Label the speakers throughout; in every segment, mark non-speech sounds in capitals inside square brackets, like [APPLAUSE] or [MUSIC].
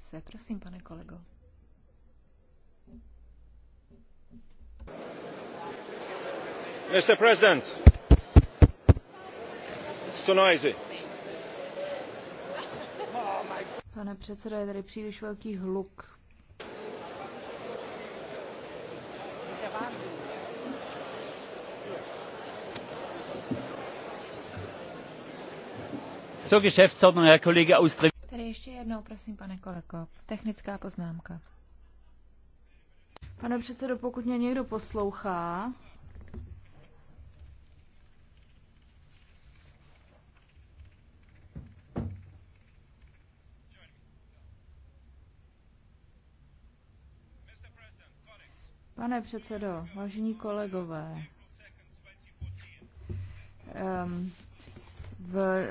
Speaker 1: se. Prosím, pane kolego.
Speaker 2: Mr. President, noisy.
Speaker 3: Pane předsedo, je tady příliš velký hluk.
Speaker 4: So, Geschäftsordnung, Herr Kollege Austritt
Speaker 1: ještě jednou, prosím, pane kolego. Technická poznámka.
Speaker 3: Pane předsedo, pokud mě někdo poslouchá, Pane předsedo, vážení kolegové, um, v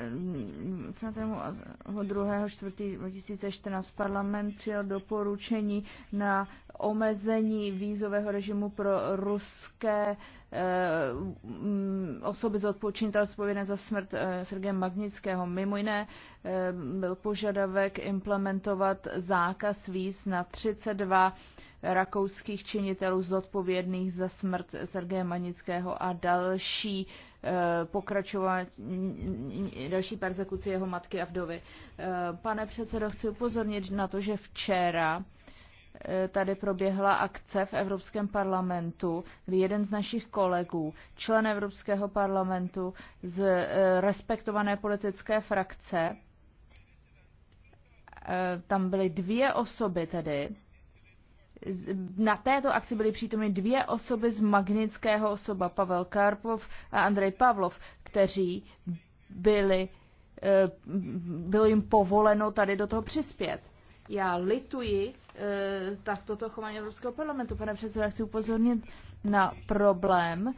Speaker 3: 2014 parlament přijal doporučení na omezení vízového režimu pro ruské eh, mm, osoby zodpočinitel zpovědné za smrt eh, Sergeje Magnického. Mimo jiné eh, byl požadavek implementovat zákaz víz na 32 rakouských činitelů zodpovědných za smrt Sergeje Magnického a další Eh, pokračovat další persekuci jeho matky a vdovy. Eh, pane předsedo, chci upozornit na to, že včera eh, tady proběhla akce v Evropském parlamentu, kdy jeden z našich kolegů, člen Evropského parlamentu z respektované politické frakce, tam byly dvě osoby tedy, na této akci byly přítomny dvě osoby z magnického osoba, Pavel Karpov a Andrej Pavlov, kteří byli, eh, bylo jim povoleno tady do toho přispět. Já lituji eh, tak toto chování Evropského parlamentu. Pane předsedo, chci upozornit na problém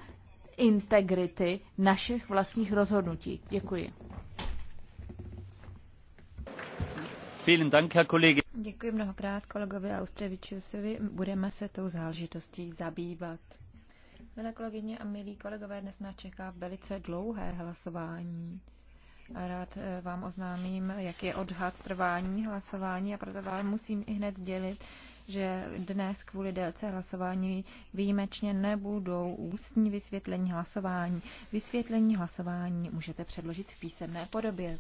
Speaker 3: integrity našich vlastních rozhodnutí. Děkuji.
Speaker 1: Děkuji mnohokrát kolegovi Austrevičiusovi. Budeme se tou záležitostí zabývat. Milé kolegyně a milí kolegové, dnes nás čeká velice dlouhé hlasování. Rád eh, vám oznámím, jak je odhad trvání hlasování a proto vám musím i hned sdělit, že dnes kvůli délce hlasování výjimečně nebudou ústní vysvětlení hlasování. Vysvětlení hlasování můžete předložit v písemné podobě.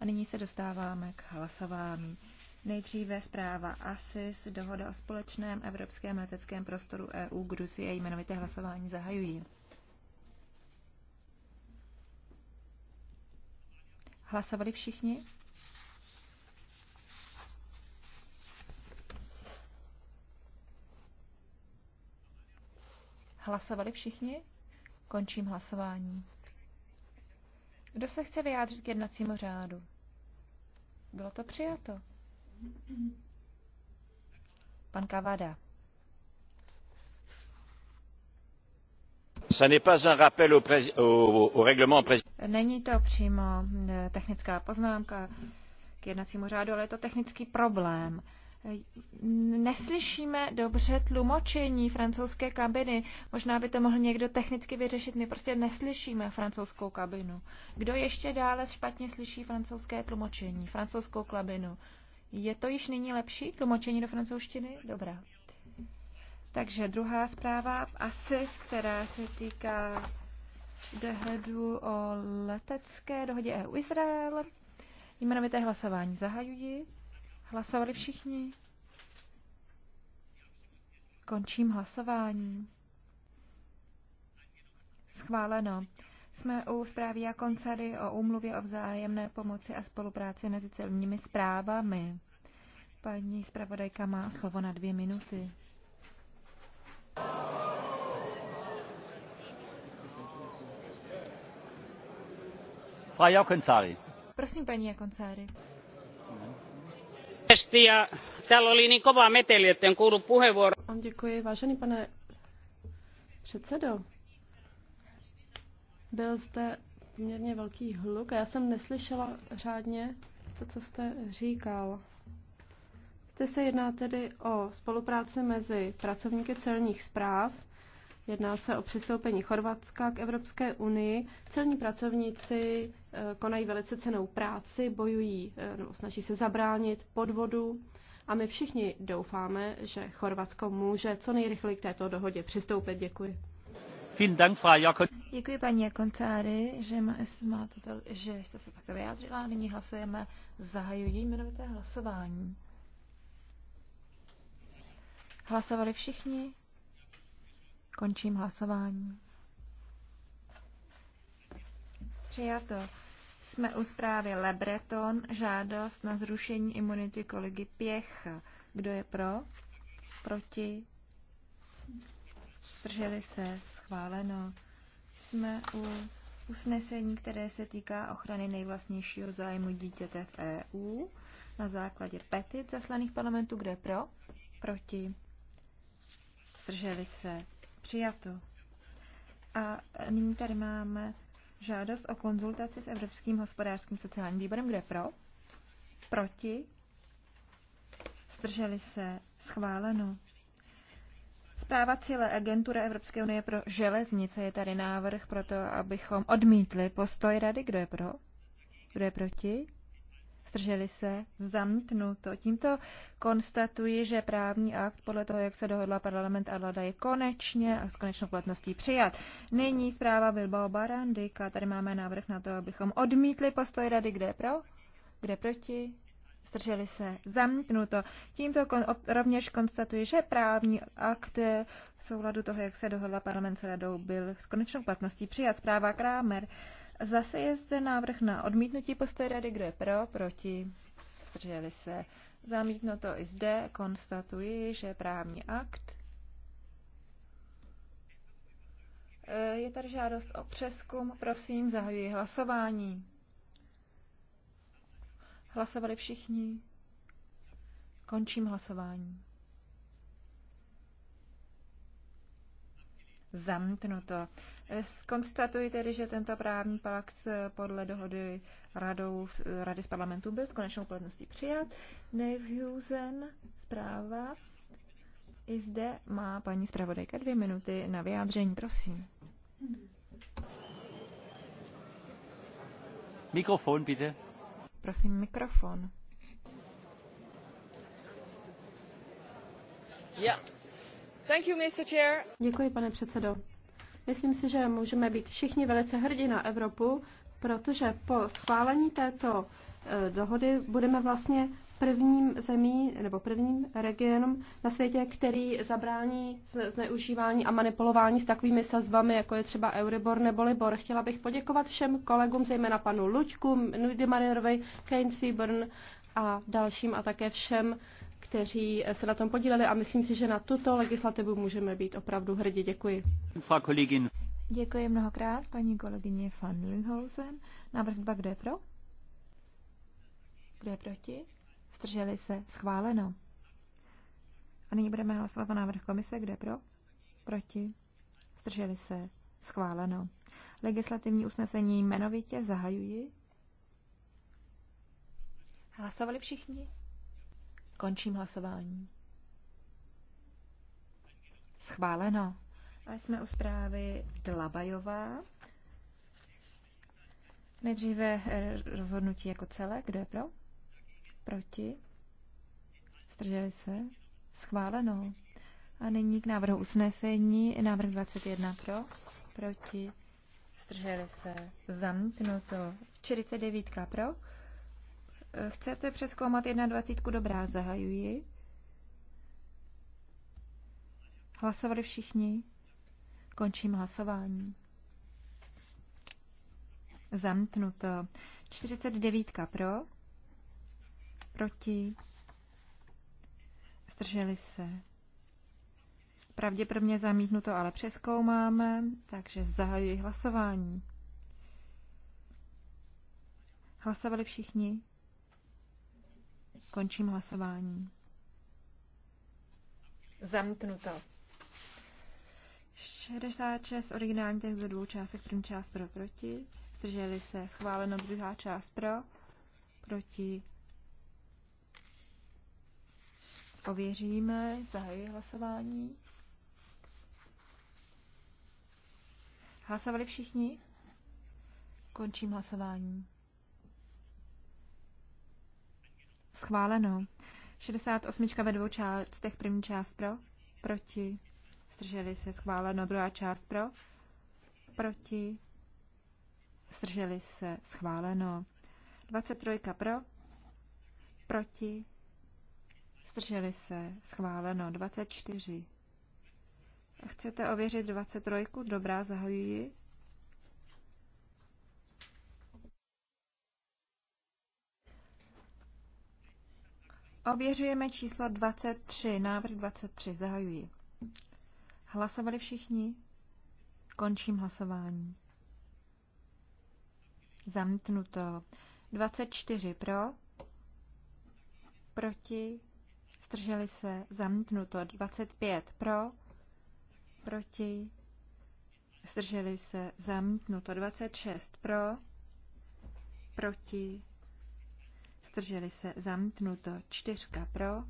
Speaker 1: A nyní se dostáváme k hlasování. Nejdříve zpráva ASIS, dohoda o společném evropském leteckém prostoru EU, Gruzie, jmenovité hlasování zahajují. Hlasovali všichni? Hlasovali všichni? Končím hlasování. Kdo se chce vyjádřit k jednacímu řádu? Bylo to přijato. Pan Kavada. Není to přímo eh, technická poznámka k jednacímu řádu, ale je to technický problém neslyšíme dobře tlumočení francouzské kabiny. Možná by to mohl někdo technicky vyřešit. My prostě neslyšíme francouzskou kabinu. Kdo ještě dále špatně slyší francouzské tlumočení, francouzskou kabinu? Je to již nyní lepší tlumočení do francouzštiny? Dobrá. Takže druhá zpráva, ASIS, která se týká dohodu o letecké dohodě EU-Izrael. Jmenovité hlasování zahajují. Hlasovali všichni? Končím hlasování. Schváleno. Jsme u zprávy a koncery o úmluvě o vzájemné pomoci a spolupráci mezi celními zprávami. Paní zpravodajka má slovo na dvě minuty.
Speaker 2: Prosím, paní Jakoncáry vážený pane předsedo. Byl zde poměrně velký hluk a já jsem neslyšela řádně to, co jste říkal. Zde se jedná tedy o spolupráci mezi pracovníky celních zpráv Jedná se o přistoupení Chorvatska k Evropské unii. Celní pracovníci eh, konají velice cenou práci, bojují eh, nebo snaží se zabránit podvodu a my všichni doufáme, že Chorvatsko může co nejrychleji k této dohodě přistoupit. Děkuji.
Speaker 1: Děkuji paní Jakoncáry, že, má toto, že jste se takhle vyjádřila. Nyní hlasujeme, zahajují jmenovité hlasování. Hlasovali všichni? Končím hlasování. Přijato. Jsme u zprávy Lebreton, žádost na zrušení imunity kolegy Pěch. Kdo je pro? Proti? Zdrželi se? Schváleno. Jsme u usnesení, které se týká ochrany nejvlastnějšího zájmu dítěte v EU na základě petit zaslaných parlamentu, je pro, proti, zdrželi se, Přijato. A nyní tady máme žádost o konzultaci s Evropským hospodářským sociálním výborem. Kde pro? Proti? Zdrželi se? Schváleno. Zpráva cíle agentura Evropské unie pro železnice je tady návrh pro to, abychom odmítli postoj rady. Kdo je pro? Kdo je proti? zdrželi se, zamítnuto. Tímto konstatuji, že právní akt podle toho, jak se dohodla parlament a vláda, je konečně a s konečnou platností přijat. Nyní zpráva Bilbao Barandika. Tady máme návrh na to, abychom odmítli postoj rady, kde pro, kde proti, zdrželi se, zamítnuto. Tímto kon, rovněž konstatuji, že právní akt v souladu toho, jak se dohodla parlament s radou, byl s konečnou platností přijat. Zpráva Kramer. Zase je zde návrh na odmítnutí postoje rady, kdo je pro, proti, zdrželi se. Zamítnuto i zde konstatuji, že právní akt e, Je tady žádost o přeskum. Prosím, zahajuji hlasování. Hlasovali všichni. Končím hlasování. Zamítnuto. Eh, konstatuji tedy, že tento právní pakt eh, podle dohody radou, eh, Rady z parlamentu byl s konečnou platností přijat. Nevhusen zpráva. I zde má paní zpravodajka dvě minuty na vyjádření, prosím.
Speaker 4: Mikrofon, bitte. Prosím, mikrofon.
Speaker 2: Yeah. Thank you, Mr. Chair. Děkuji, pane předsedo. Myslím si, že můžeme být všichni velice hrdí na Evropu, protože po schválení této eh, dohody budeme vlastně prvním zemí nebo prvním regionem na světě, který zabrání zneužívání a manipulování s takovými sazbami, jako je třeba Euribor nebo Libor. Chtěla bych poděkovat všem kolegům, zejména panu Luďku, Nudy Marinerovi, Keynes Fiburn a dalším a také všem kteří se na tom podíleli a myslím si, že na tuto legislativu můžeme být opravdu hrdí. Děkuji. Děkuji mnohokrát paní kolegyně van Lünhausen.
Speaker 1: Návrh 2, kdo je pro? Kdo je proti? Zdrželi se. Schváleno. A nyní budeme hlasovat o návrh komise. Kdo je pro? Proti? Zdrželi se. Schváleno. Legislativní usnesení jmenovitě zahajuji. Hlasovali všichni? Končím hlasování. Schváleno. A jsme u zprávy Dlabajová. Nejdříve rozhodnutí jako celek. Kdo je pro? Proti? Zdrželi se? Schváleno. A nyní k návrhu usnesení. Návrh 21 pro? Proti? Zdrželi se? Zamítnuto. 49 pro? Chcete přeskoumat 21. Dobrá, zahajuji. Hlasovali všichni? Končím hlasování. Zamknuto. 49 pro. Proti. Zdrželi se. Pravděpodobně zamítnuto, ale přeskoumáme, takže zahajuji hlasování. Hlasovali všichni? Končím hlasování. Zamknuto. 66 originální text ze dvou částek, první část pro, proti. Zdrželi se, schváleno druhá část pro, proti. Ověříme, zahajuji hlasování. Hlasovali všichni? Končím hlasování. Schváleno. 68 ve dvou částech. První část pro. Proti. Strželi se. Schváleno. Druhá část pro. Proti. Strželi se. Schváleno. 23 pro. Proti. Strželi se. Schváleno. 24. Chcete ověřit 23? Dobrá, zahajuji. Ověřujeme číslo 23, návrh 23, zahajuji. Hlasovali všichni? Končím hlasování. Zamítnuto. 24 pro, proti, zdrželi se, zamítnuto. 25 pro, proti, zdrželi se, zamítnuto. 26 pro, proti, zdrželi se, zamítnuto. Čtyřka pro,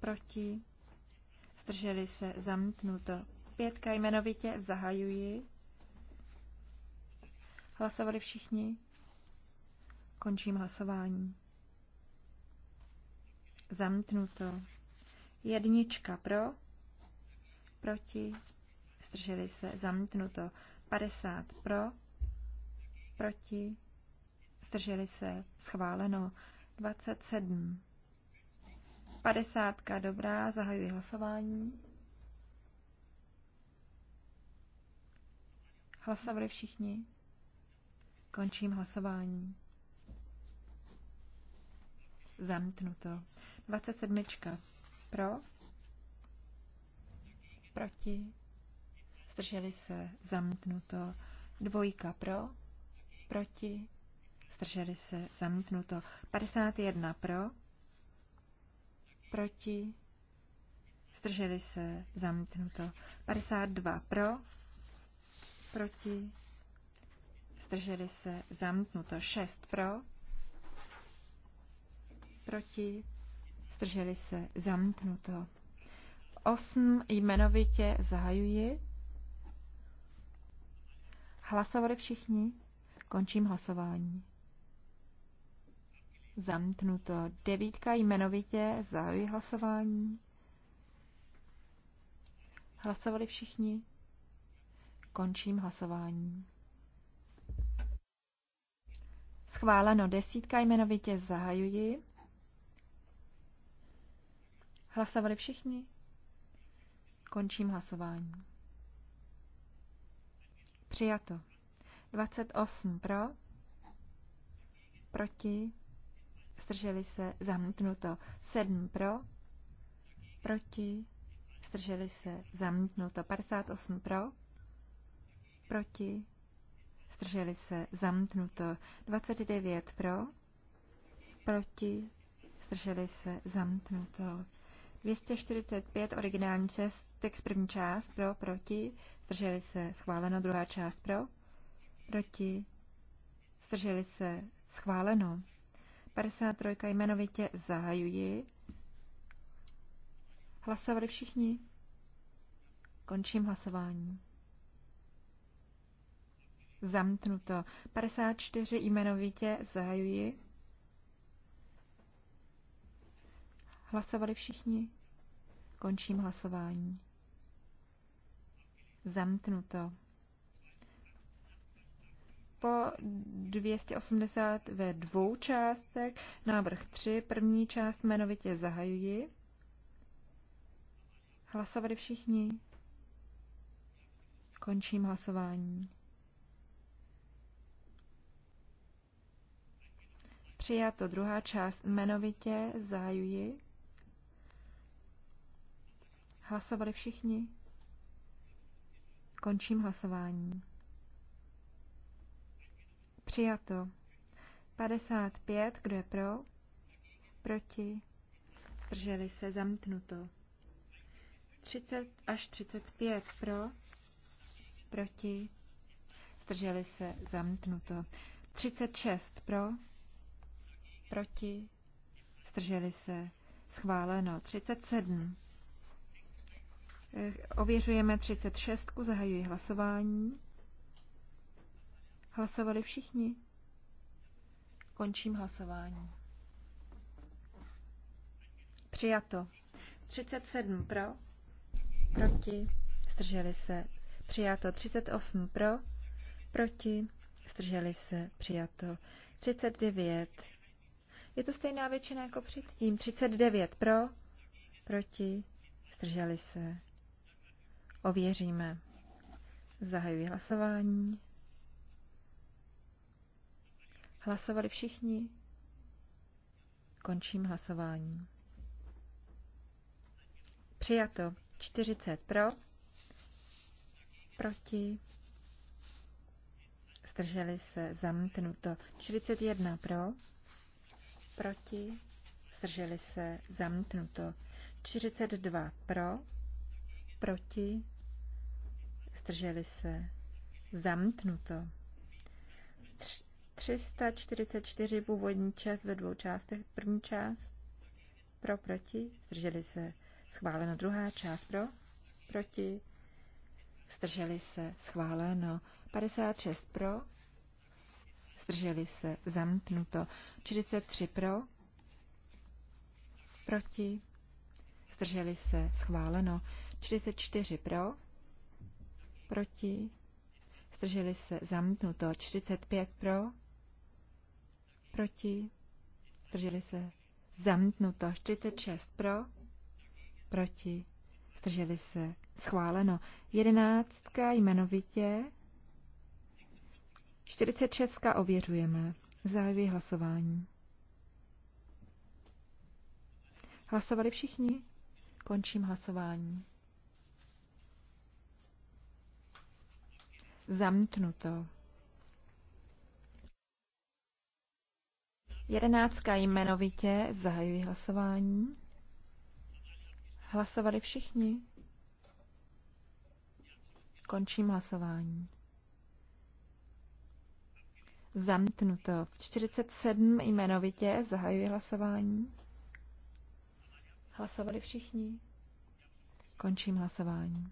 Speaker 1: proti, zdrželi se, zamítnuto. Pětka jmenovitě zahajuji. Hlasovali všichni? Končím hlasování. Zamítnuto. Jednička pro, proti, zdrželi se, zamítnuto. 50 pro, proti, zdrželi se, schváleno. 27. 50. Dobrá, zahajuji hlasování. Hlasovali všichni. Končím hlasování. Zamknuto. 27. Pro. Proti. Zdrželi se. Zamknuto. Dvojka pro. Proti zdrželi se, zamítnuto. 51 pro, proti, zdrželi se, zamítnuto. 52 pro, proti, zdrželi se, zamítnuto. 6 pro, proti, zdrželi se, zamítnuto. 8 jmenovitě zahajuji. Hlasovali všichni? Končím hlasování. Zamknuto. Devítka jmenovitě. za hlasování. Hlasovali všichni? Končím hlasování. Schváleno. Desítka jmenovitě. Zahajuji. Hlasovali všichni? Končím hlasování. Přijato. 28 pro, proti, zdrželi se, zamítnuto. 7 pro, proti, zdrželi se, zamítnuto. 58 pro, proti, zdrželi se, zamítnuto. 29 pro, proti, zdrželi se, zamítnuto. 245 originální čest, text první část pro, proti, zdrželi se, schváleno, druhá část pro, proti, zdrželi se, schváleno. 53 jmenovitě zahajuji. Hlasovali všichni? Končím hlasování. Zamknuto. 54 jmenovitě zahajuji. Hlasovali všichni? Končím hlasování. Zamknuto po 280 ve dvou částech. Návrh 3, první část jmenovitě zahajuji. Hlasovali všichni. Končím hlasování. Přijato druhá část jmenovitě zahajuji. Hlasovali všichni. Končím hlasování. Přijato. 55, kdo je pro? Proti? Zdrželi se, zamítnuto. 30 až 35 pro, proti, zdrželi se, zamítnuto. 36 pro, proti, zdrželi se, schváleno. 37. Eh, ověřujeme 36, zahajuji hlasování. Hlasovali všichni? Končím hlasování. Přijato. 37 pro, proti, zdrželi se. Přijato 38 pro, proti, zdrželi se. Přijato 39. Je to stejná většina jako předtím. 39 pro, proti, zdrželi se. Ověříme. Zahajuji hlasování. Hlasovali všichni? Končím hlasování. Přijato 40 pro, proti, zdrželi se, zamítnuto 41 pro, proti, zdrželi se, zamítnuto 42 pro, proti, zdrželi se, zamítnuto. 344 původní část ve dvou částech. První část pro, proti, zdrželi se, schváleno. Druhá část pro, proti, zdrželi se, schváleno. 56 pro, zdrželi se, zamknuto. 43 pro, proti, zdrželi se, schváleno. 44 pro, proti, zdrželi se, zamknuto. 45 pro, proti, zdrželi se, zamítnuto. 46 pro, proti, zdrželi se, schváleno. Jedenáctka jmenovitě, 46 ověřujeme, zahajuji hlasování. Hlasovali všichni? Končím hlasování. Zamknuto. Jedenáctka jmenovitě zahajují hlasování. Hlasovali všichni. Končím hlasování. Zamknuto. 47 jmenovitě zahajuje hlasování. Hlasovali všichni. Končím hlasování.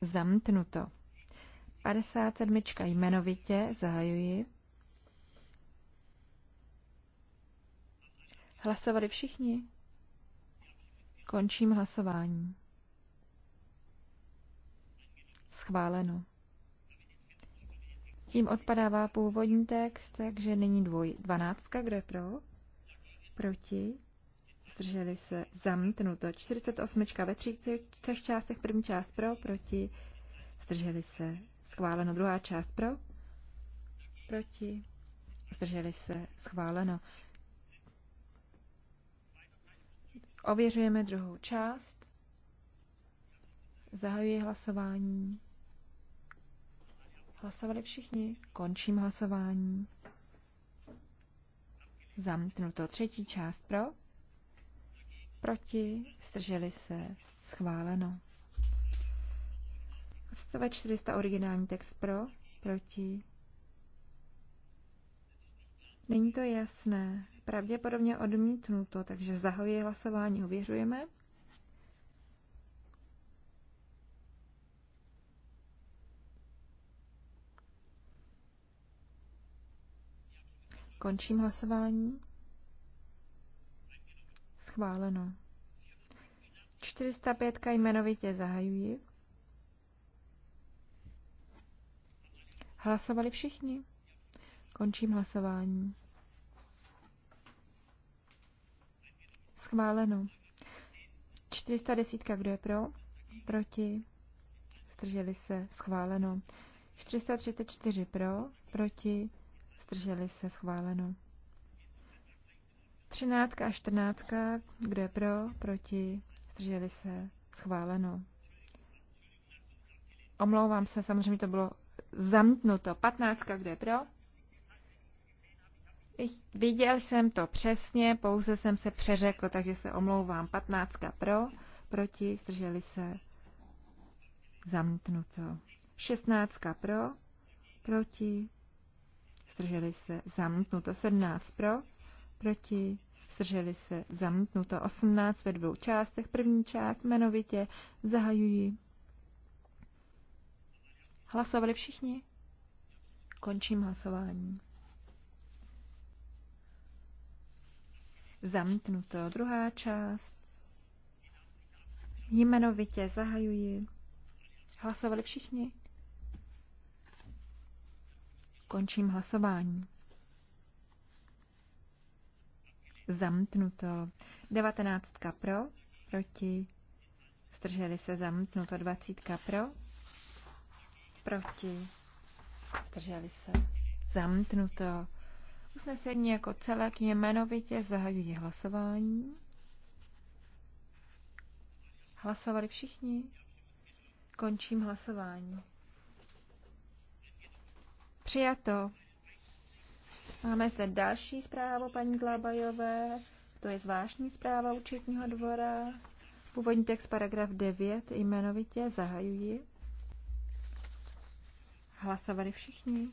Speaker 1: Zamknuto. 57. jmenovitě zahajuji. Hlasovali všichni? Končím hlasování. Schváleno. Tím odpadává původní text, takže není dvoj, dvanáctka, kdo je pro? Proti? Zdrželi se zamítnuto. 48 ve tří třech částech, první část pro, proti? Zdrželi se schváleno. Druhá část pro? Proti? Zdrželi se schváleno. Ověřujeme druhou část. Zahajuji hlasování. Hlasovali všichni. Končím hlasování. Zamítnuto třetí část pro. Proti. Strželi se. Schváleno. Odstavec 400 originální text pro. Proti. Není to jasné pravděpodobně odmítnuto, takže zahojí hlasování, ověřujeme. Končím hlasování. Schváleno. 405 jmenovitě zahajuji. Hlasovali všichni. Končím hlasování. Schváleno. 410. Kdo je pro? Proti? Zdrželi se. Schváleno. 434 pro, proti, zdrželi se schváleno. 13 a 14, kdo je pro, proti, zdrželi se schváleno. Omlouvám se, samozřejmě to bylo zamítnuto. 15, kdo je pro, Viděl jsem to přesně, pouze jsem se přeřekl, takže se omlouvám. 15 pro, proti, zdrželi se, zamítnuto. 16 pro, proti, zdrželi se, zamítnuto. 17 pro, proti, zdrželi se, zamítnuto. 18 ve dvou částech, první část jmenovitě zahajují. Hlasovali všichni? Končím hlasování. Zamítnuto. Druhá část. Jmenovitě zahajuji. Hlasovali všichni? Končím hlasování. Zamítnuto. 19 pro, proti. Zdrželi se zamítnuto. 20 pro, proti. Zdrželi se. Zamítnuto. Usnesení jako celek jmenovitě zahajují hlasování. Hlasovali všichni? Končím hlasování. Přijato. Máme zde další zprávu paní Dlábajové. To je zvláštní zpráva účetního dvora. Původní text paragraf 9 jmenovitě zahajují. Hlasovali všichni.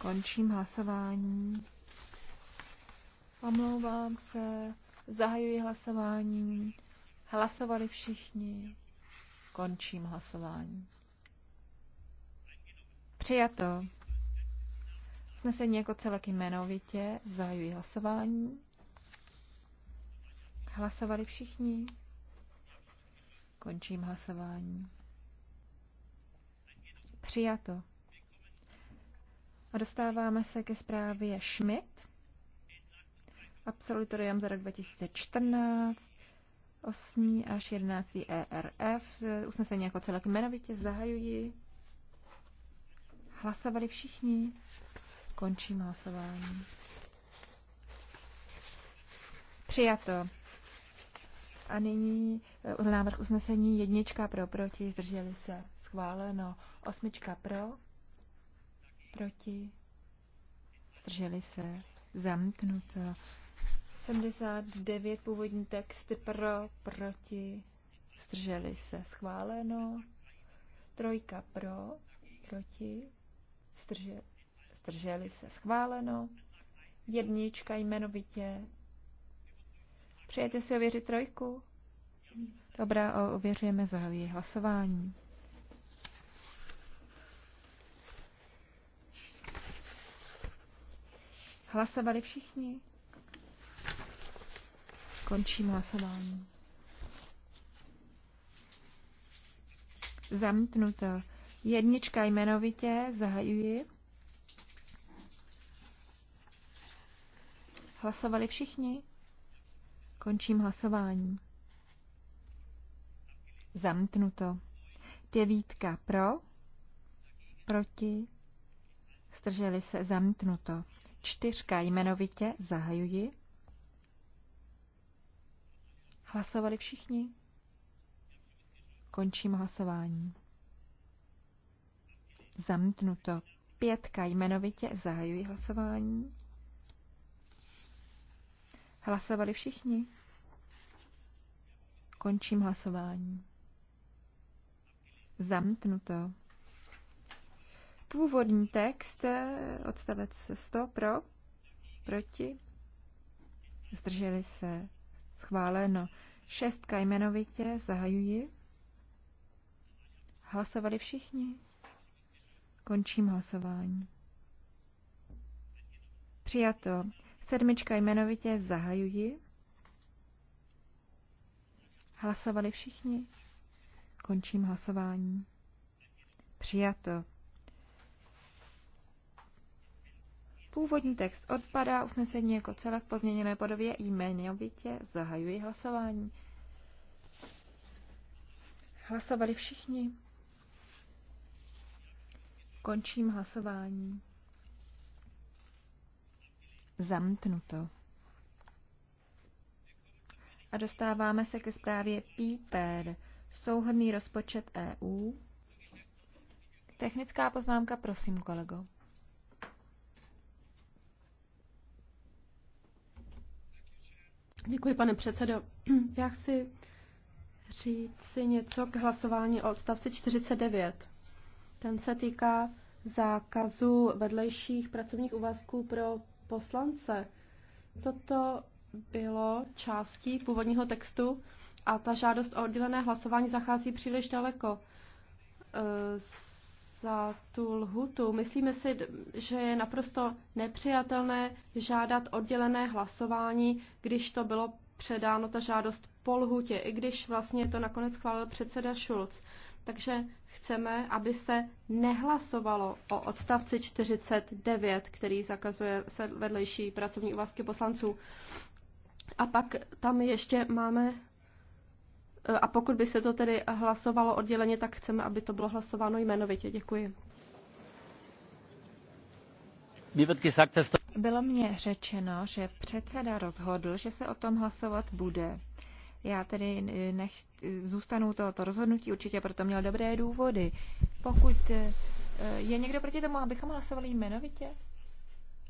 Speaker 1: Končím hlasování. Omlouvám se. Zahajuji hlasování. Hlasovali všichni. Končím hlasování. Přijato. Snesení jako celek jmenovitě. Zahajuji hlasování. Hlasovali všichni. Končím hlasování. Přijato. A dostáváme se ke zprávě Schmidt, absolutorium za rok 2014, 8. až 11. ERF, usnesení jako celek jmenovitě zahajují. Hlasovali všichni. Končím hlasování. Přijato. A nyní eh, návrh usnesení jednička pro, proti, zdrželi se. Schváleno. Osmička pro proti, zdrželi se, zamknuto. 79 původní text pro, proti, zdrželi se, schváleno. Trojka pro, proti, zdrželi, zdrželi se, schváleno. Jednička jmenovitě. Přejete si ověřit trojku? Dobrá, ověřujeme zahájí hlasování. Hlasovali všichni? Končím hlasování. Zamítnuto. Jednička jmenovitě zahajuji. Hlasovali všichni? Končím hlasování. Zamítnuto. Devítka pro, proti, strželi se zamítnuto čtyřka jmenovitě zahajuji. Hlasovali všichni? Končím hlasování. Zamítnuto. Pětka jmenovitě zahajuji hlasování. Hlasovali všichni? Končím hlasování. Zamítnuto. Původní text, eh, odstavec 100 pro, proti, zdrželi se, schváleno. Šestka jmenovitě, zahajuji. Hlasovali všichni? Končím hlasování. Přijato. Sedmička jmenovitě zahajuji. Hlasovali všichni? Končím hlasování. Přijato. Původní text odpadá, usnesení jako celek pozměněné podobě jmenovitě zahajuji hlasování. Hlasovali všichni. Končím hlasování. Zamtnuto. A dostáváme se ke zprávě PIPER, Souhodný rozpočet EU. Technická poznámka, prosím, kolego.
Speaker 2: Děkuji, pane předsedo. [CLEARS THROAT] Já chci říct si něco k hlasování o odstavci 49. Ten se týká zákazu vedlejších pracovních úvazků pro poslance. Toto bylo částí původního textu a ta žádost o oddělené hlasování zachází příliš daleko. Eh, za tu lhutu. Myslíme si, že je naprosto nepřijatelné žádat oddělené hlasování, když to bylo předáno ta žádost po lhutě, i když vlastně to nakonec chválil předseda Schulz. Takže chceme, aby se nehlasovalo o odstavci 49, který zakazuje vedlejší pracovní úvazky poslanců. A pak tam ještě máme a pokud by se to tedy hlasovalo odděleně, tak chceme, aby to bylo hlasováno jmenovitě. Děkuji. Bylo
Speaker 1: mně řečeno, že předseda rozhodl, že se o tom hlasovat bude. Já tedy nech, zůstanu tohoto rozhodnutí, určitě proto měl dobré důvody. Pokud eh, je někdo proti tomu, abychom hlasovali jmenovitě?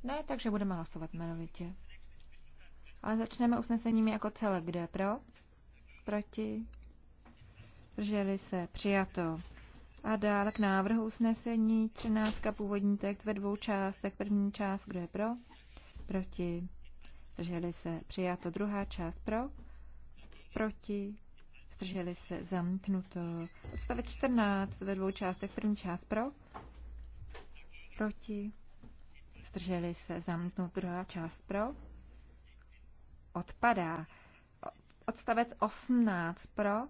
Speaker 1: Ne, takže budeme hlasovat jmenovitě. Ale začneme usnesením jako celé. Kdo je pro? proti, Drželi se, přijato. A dále k návrhu usnesení 13. původní text ve dvou částech. První část, kdo je pro, proti, Drželi se, přijato. Druhá část pro, proti, Drželi se, zamítnuto. Odstavec 14 ve dvou částech, první část pro, proti, zdrželi se, zamknout Druhá část pro, odpadá. Odstavec 18 pro,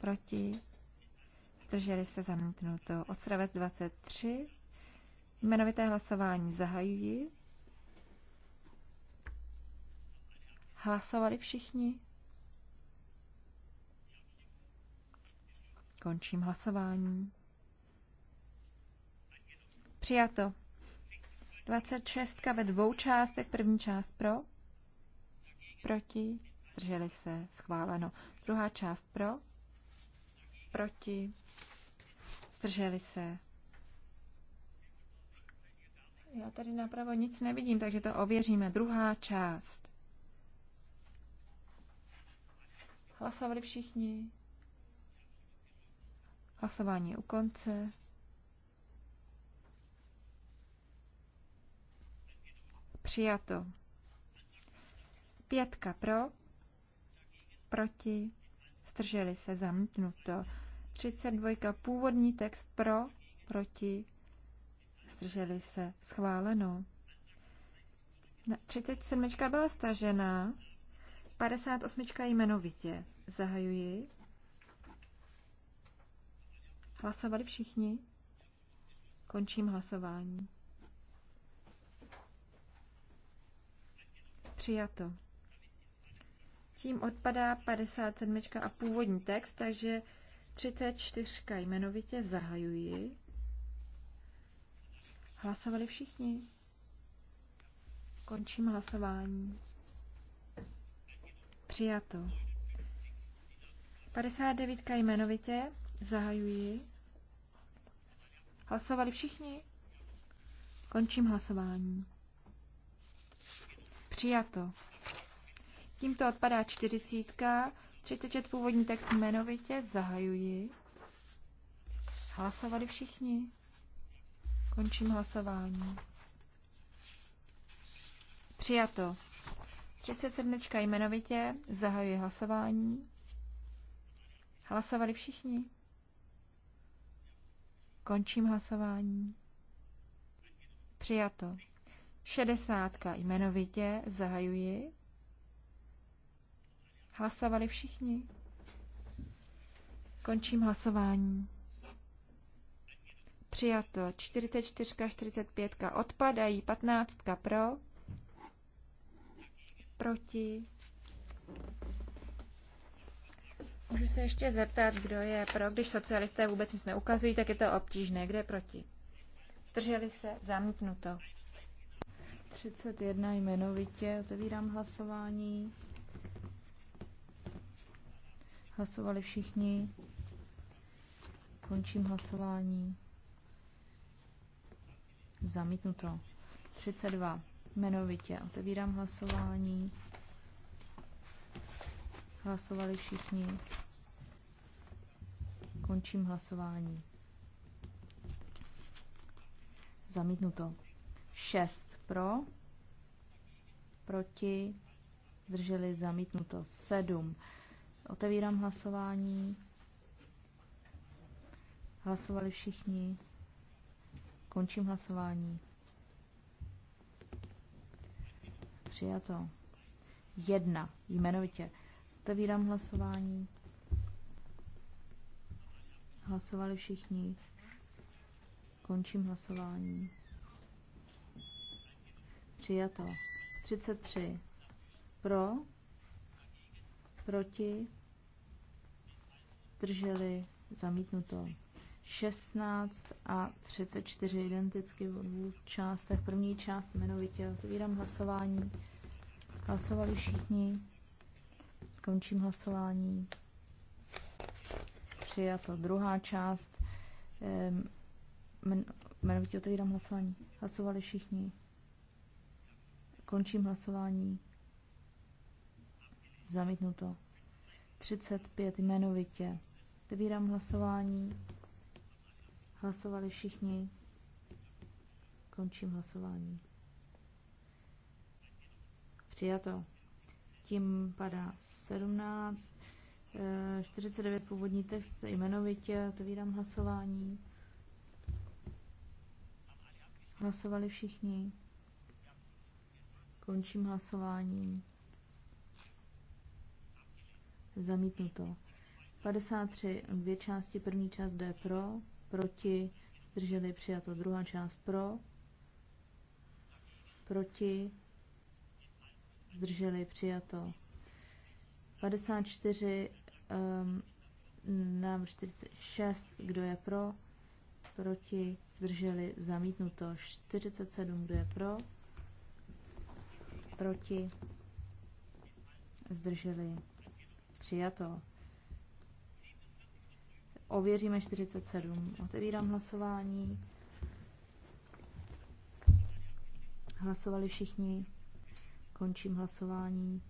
Speaker 1: proti, zdrželi se zamítnuto. Odstavec 23, jmenovité hlasování zahajují. Hlasovali všichni? Končím hlasování. Přijato. 26 ve dvou částech. První část pro, proti, zdrželi se, schváleno. Druhá část pro, proti, zdrželi se. Já tady napravo nic nevidím, takže to ověříme. Druhá část. Hlasovali všichni. Hlasování u konce. Přijato. Pětka pro, proti, zdrželi se, zamítnuto. 32. Původní text pro, proti, zdrželi se, schváleno. 37. byla stažená, 58. jmenovitě. Zahajuji. Hlasovali všichni? Končím hlasování. Přijato. Tím odpadá 57. a původní text, takže 34. jmenovitě zahajuji. Hlasovali všichni. Končím hlasování. Přijato. 59. jmenovitě zahajuji. Hlasovali všichni? Končím hlasování. Přijato. Tímto odpadá čtyřicítka. 36 původní text jmenovitě zahajuji. Hlasovali všichni. Končím hlasování. Přijato. 37 jmenovitě zahajuji hlasování. Hlasovali všichni. Končím hlasování. Přijato. 60 jmenovitě zahajuji. Hlasovali všichni. Končím hlasování. Přijato 44, 45 odpadají, 15 pro, proti. Můžu se ještě zeptat, kdo je pro. Když socialisté vůbec nic neukazují, tak je to obtížné.
Speaker 3: Kde je proti? Drželi se, zamítnuto. 31 jmenovitě, otevírám hlasování. Hlasovali všichni. Končím hlasování. Zamítnuto. 32. Jmenovitě. Otevírám hlasování. Hlasovali všichni. Končím hlasování. Zamítnuto. 6 pro, proti, zdrželi zamítnuto. 7 Otevírám hlasování. Hlasovali všichni. Končím hlasování. Přijato. Jedna. Jmenovitě. Otevírám hlasování. Hlasovali všichni. Končím hlasování. Přijato. 33. Pro. Proti zdrželi, zamítnuto. 16 a 34 identicky v dvou částech. První část jmenovitě otvírám hlasování. Hlasovali všichni. Končím hlasování. Přijato druhá část. Jmenovitě otvírám hlasování. Hlasovali všichni. Končím hlasování. Zamítnuto. 35 jmenovitě. Otevírám hlasování. Hlasovali všichni. Končím hlasování. Přijato. Tím padá 17. 49 eh, původní text jmenovitě. Otevírám hlasování. Hlasovali všichni. Končím hlasování. Zamítnuto. 53, dvě části, první část D pro, proti, zdrželi přijato, druhá část pro, proti, zdrželi přijato. 54, um, ehm, návrh 46, kdo je pro, proti, zdrželi zamítnuto. 47, kdo je pro, proti, zdrželi přijato. Ověříme 47. Otevírám hlasování. Hlasovali všichni. Končím hlasování.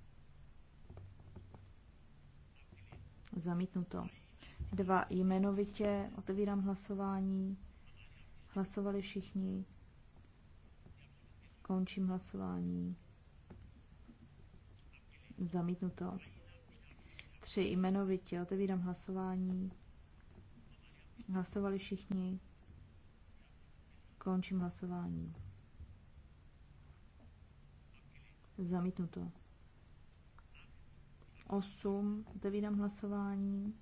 Speaker 3: Zamítnuto. Dva jmenovitě. Otevírám hlasování. Hlasovali všichni. Končím hlasování. Zamítnuto. Tři jmenovitě. Otevírám hlasování. Hlasovali všichni. Končím hlasování. Zamítnuto. Osm. Otevírám hlasování.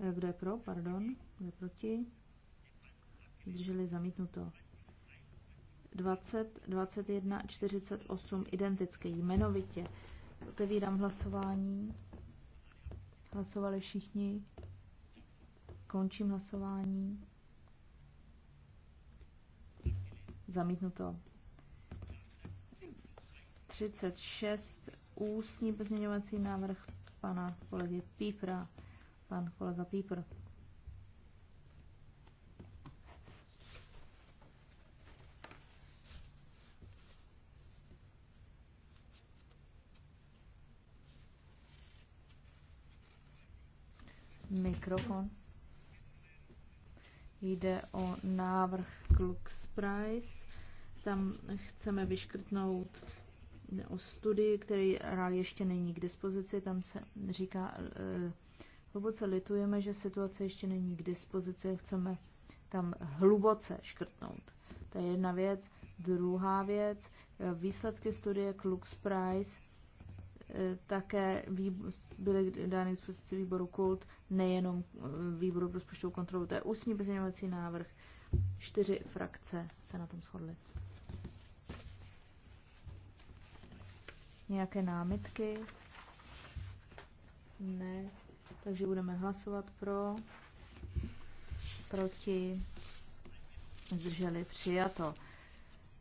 Speaker 3: Eh, kdo je pro? Pardon. Kdo je proti? Zdrželi zamítnuto. 20, 21, 48 identické jmenovitě. Otevírám hlasování. Hlasovali všichni. Končím hlasování. Zamítnuto. 36 ústní pozměňovací návrh pana kolegy Pípra. Pan kolega Pípr. Mikrofon. Jde o návrh Klux Price. Tam chceme vyškrtnout o studii, který ještě není k dispozici. Tam se říká, eh, hluboce litujeme, že situace ještě není k dispozici, chceme tam hluboce škrtnout. To je jedna věc. Druhá věc, eh, výsledky studie Klux Price také byly dány k dispozici výboru KULT, nejenom eh, výboru pro rozpočtovou kontrolu. To je ústní pozměňovací návrh. Čtyři frakce se na tom shodly. Nějaké námitky? Ne. Takže budeme hlasovat pro, proti, zdrželi, přijato.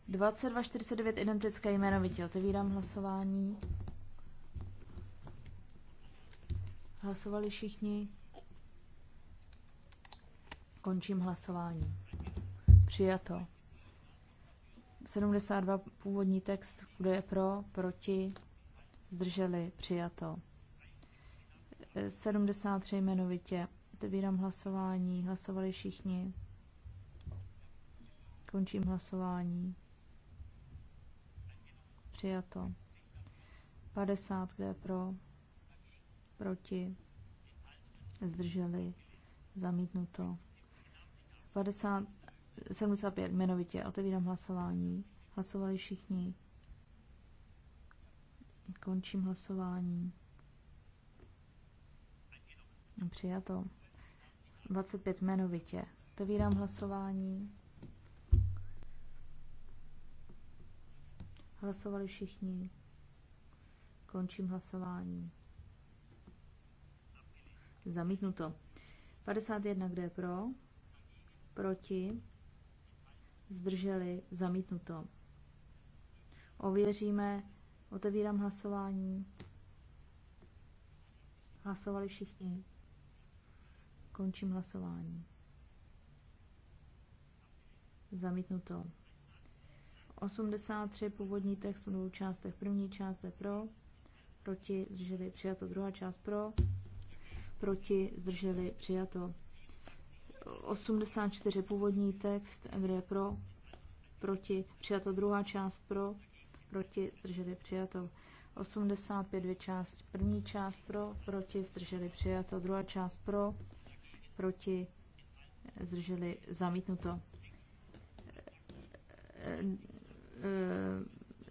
Speaker 3: 2249 identické jméno vidíte, Otevírám hlasování. Hlasovali všichni? Končím hlasování. Přijato. 72 původní text, kdo je pro, proti, zdrželi, přijato. 73 jmenovitě. Otevírám hlasování. Hlasovali všichni. Končím hlasování. Přijato. 50, je pro, proti, zdrželi, zamítnuto. 50, 75 jmenovitě, otevírám hlasování. Hlasovali všichni. Končím hlasování. Přijato. 25 jmenovitě. Otevírám hlasování. Hlasovali všichni. Končím hlasování. Zamítnuto. 51, kde je pro? Proti? Zdrželi? Zamítnuto. Ověříme. Otevírám hlasování. Hlasovali všichni. Končím hlasování. Zamítnuto. 83 původní text v dvou částech. První část je pro, proti, zdrželi, přijato druhá část pro, proti, zdrželi, přijato. 84 původní text, kde je pro, proti, přijato druhá část pro, proti, zdrželi, přijato. 85 dvě část, první část pro, proti, zdrželi, přijato, druhá část pro, proti, zdrželi, zamítnuto.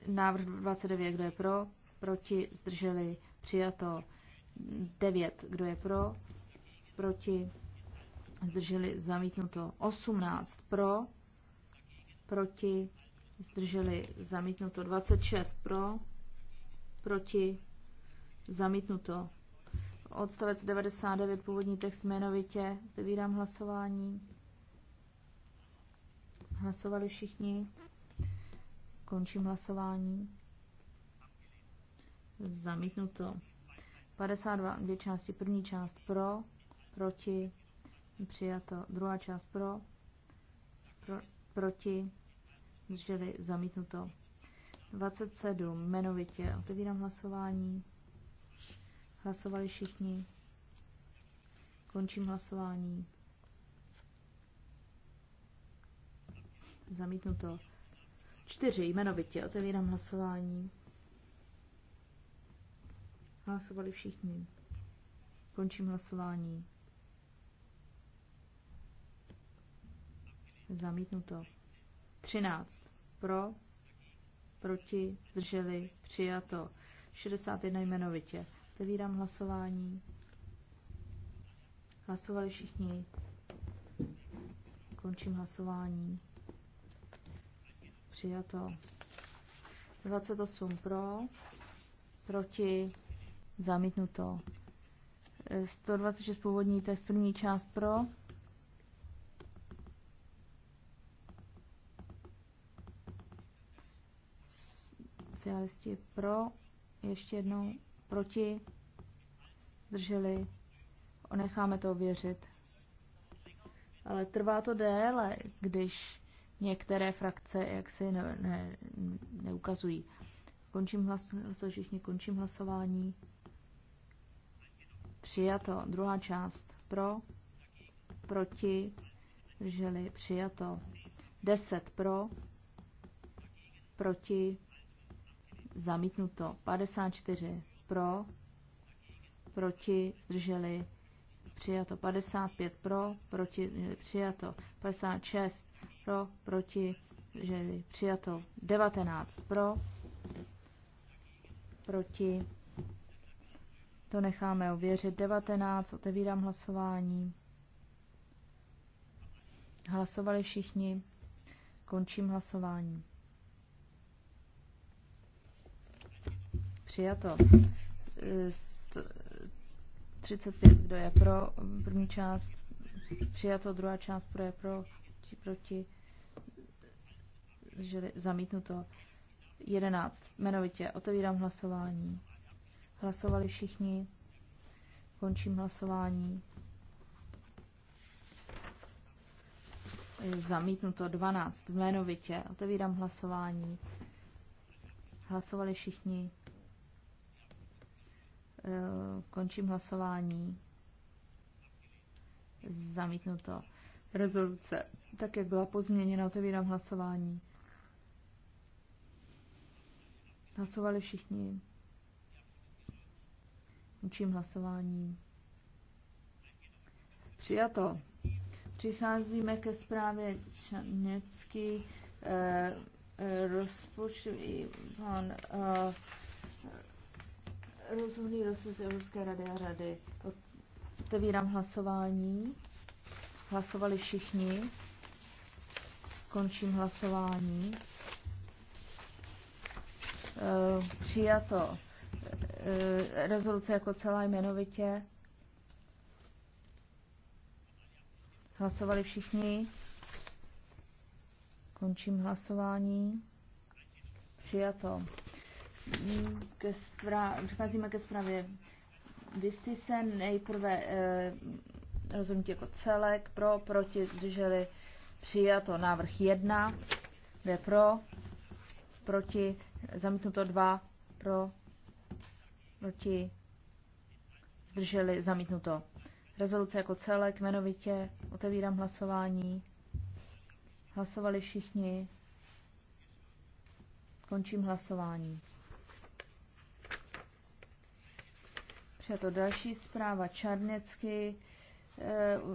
Speaker 3: Návrh 29, kdo je pro, proti, zdrželi, přijato. 9. Kdo je pro? Proti? Zdrželi zamítnuto 18 pro, proti, zdrželi zamítnuto 26 pro, proti, zamítnuto. Odstavec 99, původní text jmenovitě, otevírám hlasování. Hlasovali všichni. Končím hlasování. Zamítnuto. 52, dvě části. První část pro, proti, přijato. Druhá část pro, pro proti, zželi zamítnuto. 27, jmenovitě. Otevírám hlasování. Hlasovali všichni. Končím hlasování. Zamítnuto. 4. Jmenovitě otevírám hlasování. Hlasovali všichni. Končím hlasování. Zamítnuto. 13. Pro, proti, zdrželi, přijato. 61 jmenovitě. Otevírám hlasování. Hlasovali všichni. Končím hlasování. Přijato. 28 pro, proti, Zamítnuto. 126 eh, původní test první část pro. Socialisti pro. Ještě jednou proti. Zdrželi. Necháme to věřit. Ale trvá to déle, když některé frakce jaksi ne, ne, neukazují. Končím hlas, všichni končím hlasování. Přijato. Druhá část pro, proti, drželi, přijato. 10 pro, proti, zamítnuto. 54 pro, proti, zdrželi, přijato. 55 pro, proti, přijato. 56 pro, proti, zdrželi, přijato. 19 pro, proti, to necháme ověřit. 19. Otevírám hlasování. Hlasovali všichni. Končím hlasování. Přijato. 35, kdo je pro první část, přijato druhá část, kdo je pro, či proti, zamítnu zamítnuto 11. Jmenovitě otevírám hlasování. Hlasovali všichni. Končím hlasování. Zamítnuto 12. Jmenovitě. Otevírám hlasování. Hlasovali všichni. E, končím hlasování. Zamítnuto. Rezoluce. Tak, jak byla pozměněna, otevírám hlasování. Hlasovali všichni. Učím hlasování. Přijato. Přicházíme ke zprávě Čanecký eh, eh, rozpočtový pan eh, rozumný rozpočet Evropské rady a rady. Otevírám hlasování. Hlasovali všichni. Končím hlasování. Eh, přijato Eh, rezoluce jako celá jmenovitě. Hlasovali všichni. Končím hlasování. Přijato. Ke spra- přicházíme ke zprávě se Nejprve eh, rozumíte jako celek. Pro, proti, zdrželi Přijato. Návrh 1. Jde pro. Proti. Zamítnuto 2. Pro proti, zdrželi, zamítnuto. Rezoluce jako celek, jmenovitě, otevírám hlasování. Hlasovali všichni. Končím hlasování. Přijato další zpráva Čarnecky. Eh,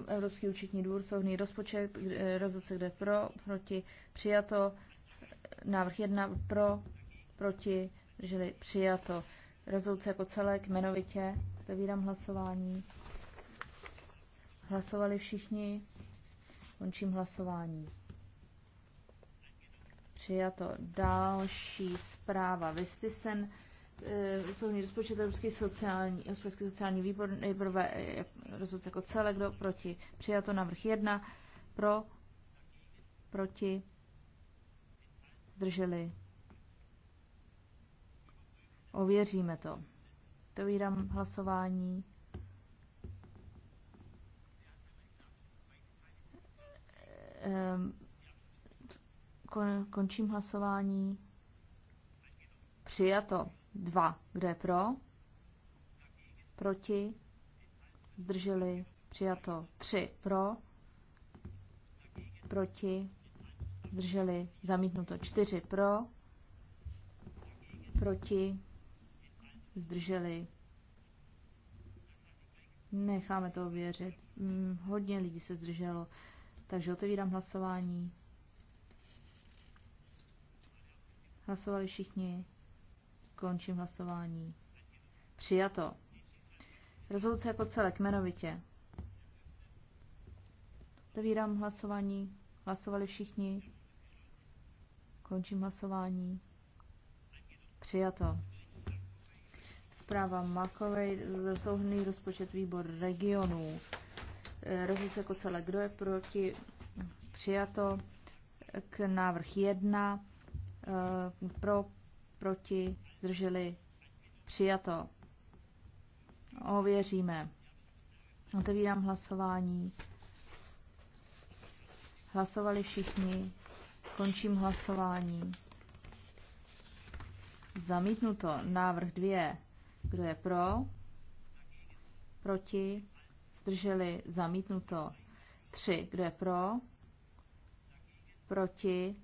Speaker 3: Evropský účetní dvůr, souhný rozpočet, eh, rezoluce kde pro, proti, přijato, eh, návrh jedna pro, proti, drželi přijato rezoluce jako celek jmenovitě. Otevírám hlasování. Hlasovali všichni. Končím hlasování. Přijato další zpráva. Vystysen e, eh, soudní rozpočet Evropský sociální, Evropský sociální výbor, nejprve eh, rozhodce jako celé, kdo proti. Přijato návrh 1, pro, proti, drželi Ověříme to. Otevírám hlasování. Ehm, končím hlasování. Přijato. Dva. Kdo je pro? Proti? Zdrželi? Přijato. Tři. Pro? Proti? Zdrželi? Zamítnuto. Čtyři. Pro? Proti? zdrželi. Necháme to věřit. Hmm, hodně lidí se zdrželo. Takže otevírám hlasování. Hlasovali všichni. Končím hlasování. Přijato. Rezoluce jako celek, jmenovitě. Otevírám hlasování. Hlasovali všichni. Končím hlasování. Přijato. Zpráva Makovej, souhrný rozpočet výbor regionů. Eh, Rozhodce jako celé, kdo je proti, přijato k návrh 1, eh, pro, proti, zdrželi, přijato. Ověříme. Otevírám hlasování. Hlasovali všichni. Končím hlasování. Zamítnuto. Návrh 2. Kdo je pro? Proti? Zdrželi? Zamítnuto. 3. Kdo je pro? Proti?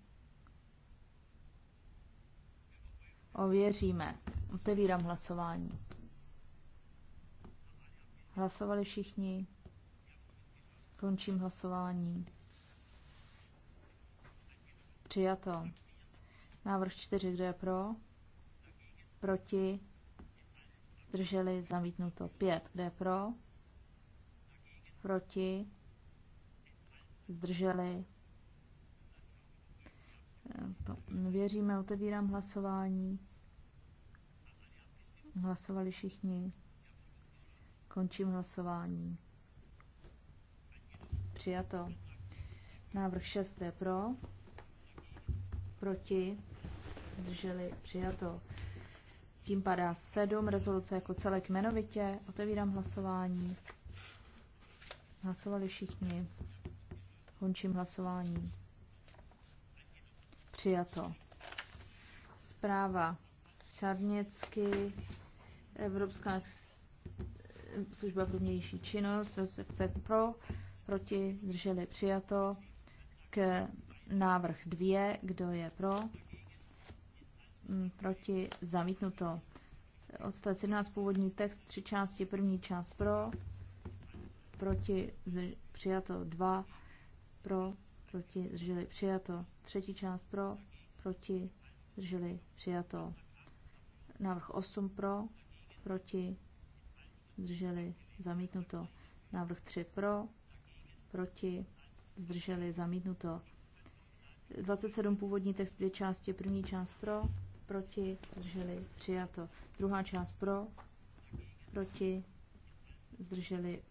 Speaker 3: Ověříme. Otevírám hlasování. Hlasovali všichni? Končím hlasování. Přijato. Návrh 4, kdo je pro? Proti? zdrželi, zamítnuto 5, kde pro, proti, zdrželi, eh, to věříme, otevírám hlasování, hlasovali všichni, končím hlasování, přijato, návrh 6, je pro, proti, zdrželi, přijato. Tím padá 7, rezoluce jako celek jmenovitě. Otevírám hlasování. Hlasovali všichni. Končím hlasování. Přijato. Zpráva Čarněcky, Evropská služba pro vnější činnost, se pro, proti, drželi přijato. K návrh 2, kdo je pro? Mm, proti, zamítnuto. Odstavec 17, původní text, tři části, první část pro, proti, přijato, dva, pro, proti, zdrželi, přijato. Třetí část pro, proti, zdrželi, přijato. Návrh 8 pro, proti, zdrželi, zamítnuto. Návrh 3 pro, proti, zdrželi, zamítnuto. 27 původní text, dvě části, první část pro, proti, zdrželi, přijato. Druhá část pro, proti, zdrželi,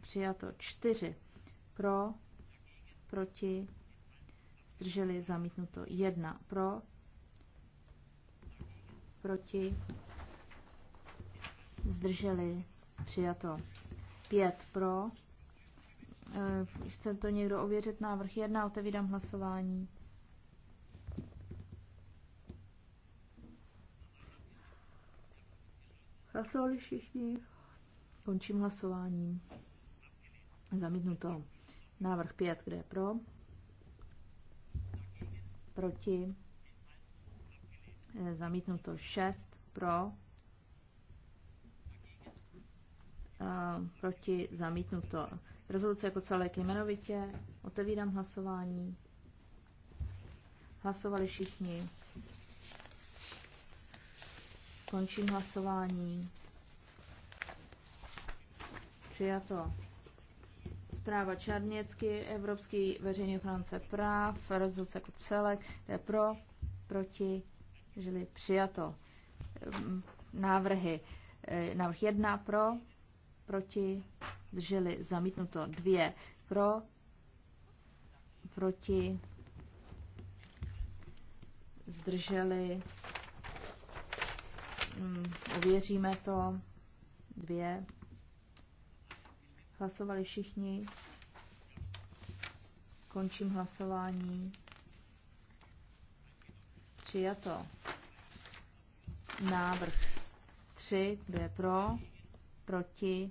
Speaker 3: přijato. Čtyři pro, proti, zdrželi, zamítnuto. Jedna pro, proti, zdrželi, přijato. Pět pro, eh, chce to někdo ověřit návrh jedna, otevírám hlasování. Hlasovali všichni? Končím hlasování. Zamítnuto. Návrh 5, kde je pro? Proti? Eh, zamítnuto 6, pro? Eh, proti? Zamítnuto. Rezoluce jako celé jmenovitě. Otevírám hlasování. Hlasovali všichni. Končím hlasování. Přijato. Zpráva Černěcky, Evropský veřejný ochránce práv, rezoluce jako celek, je pro, proti, žili přijato. Ehm, návrhy. Eh, návrh jedna pro, proti, drželi zamítnuto Dvě pro, proti, zdrželi Mm, ověříme to. Dvě. Hlasovali všichni. Končím hlasování. Přijato. Návrh 3. Kdo je pro? Proti?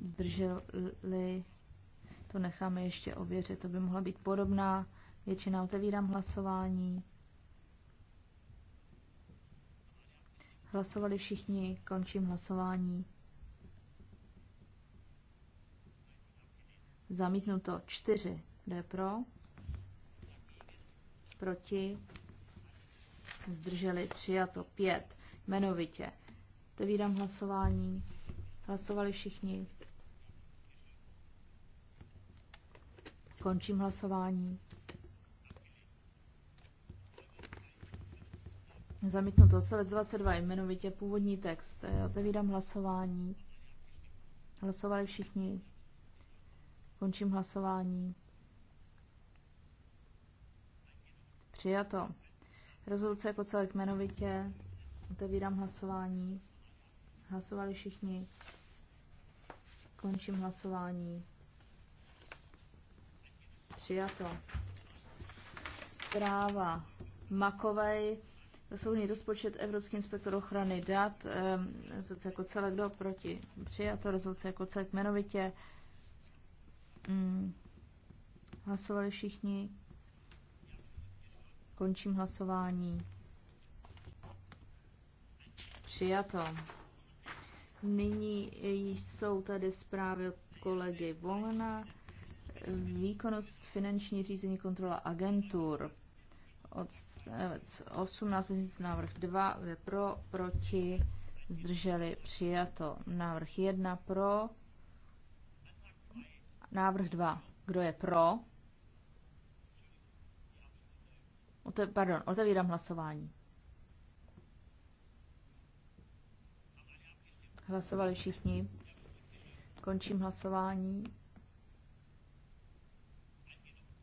Speaker 3: Zdrželi? To necháme ještě ověřit. To by mohla být podobná většina. Otevírám hlasování. Hlasovali všichni, končím hlasování. Zamítnuto čtyři. Kdo je pro? Proti? Zdrželi tři a to pět. Jmenovitě. Otevírám hlasování. Hlasovali všichni. Končím hlasování. Zamítnuto odstavec 22, jmenovitě původní text. E, otevírám hlasování. Hlasovali všichni. Končím hlasování. Přijato. Rezoluce jako celek jmenovitě. Otevírám hlasování. Hlasovali všichni. Končím hlasování. Přijato. Zpráva Makovej soudní rozpočet Evropský inspektor ochrany dat, rezoluce jako celek do proti přijato, rezoluce jako celek jmenovitě. Mm. Hlasovali všichni. Končím hlasování. Přijato. Nyní jsou tady zprávy od kolegy Volena. Výkonnost finanční řízení kontrola agentur od 18 pozměňovací návrh 2, je pro, proti, zdrželi, přijato. Návrh 1 pro, návrh 2, kdo je pro, Ote, pardon, otevírám hlasování. Hlasovali všichni. Končím hlasování.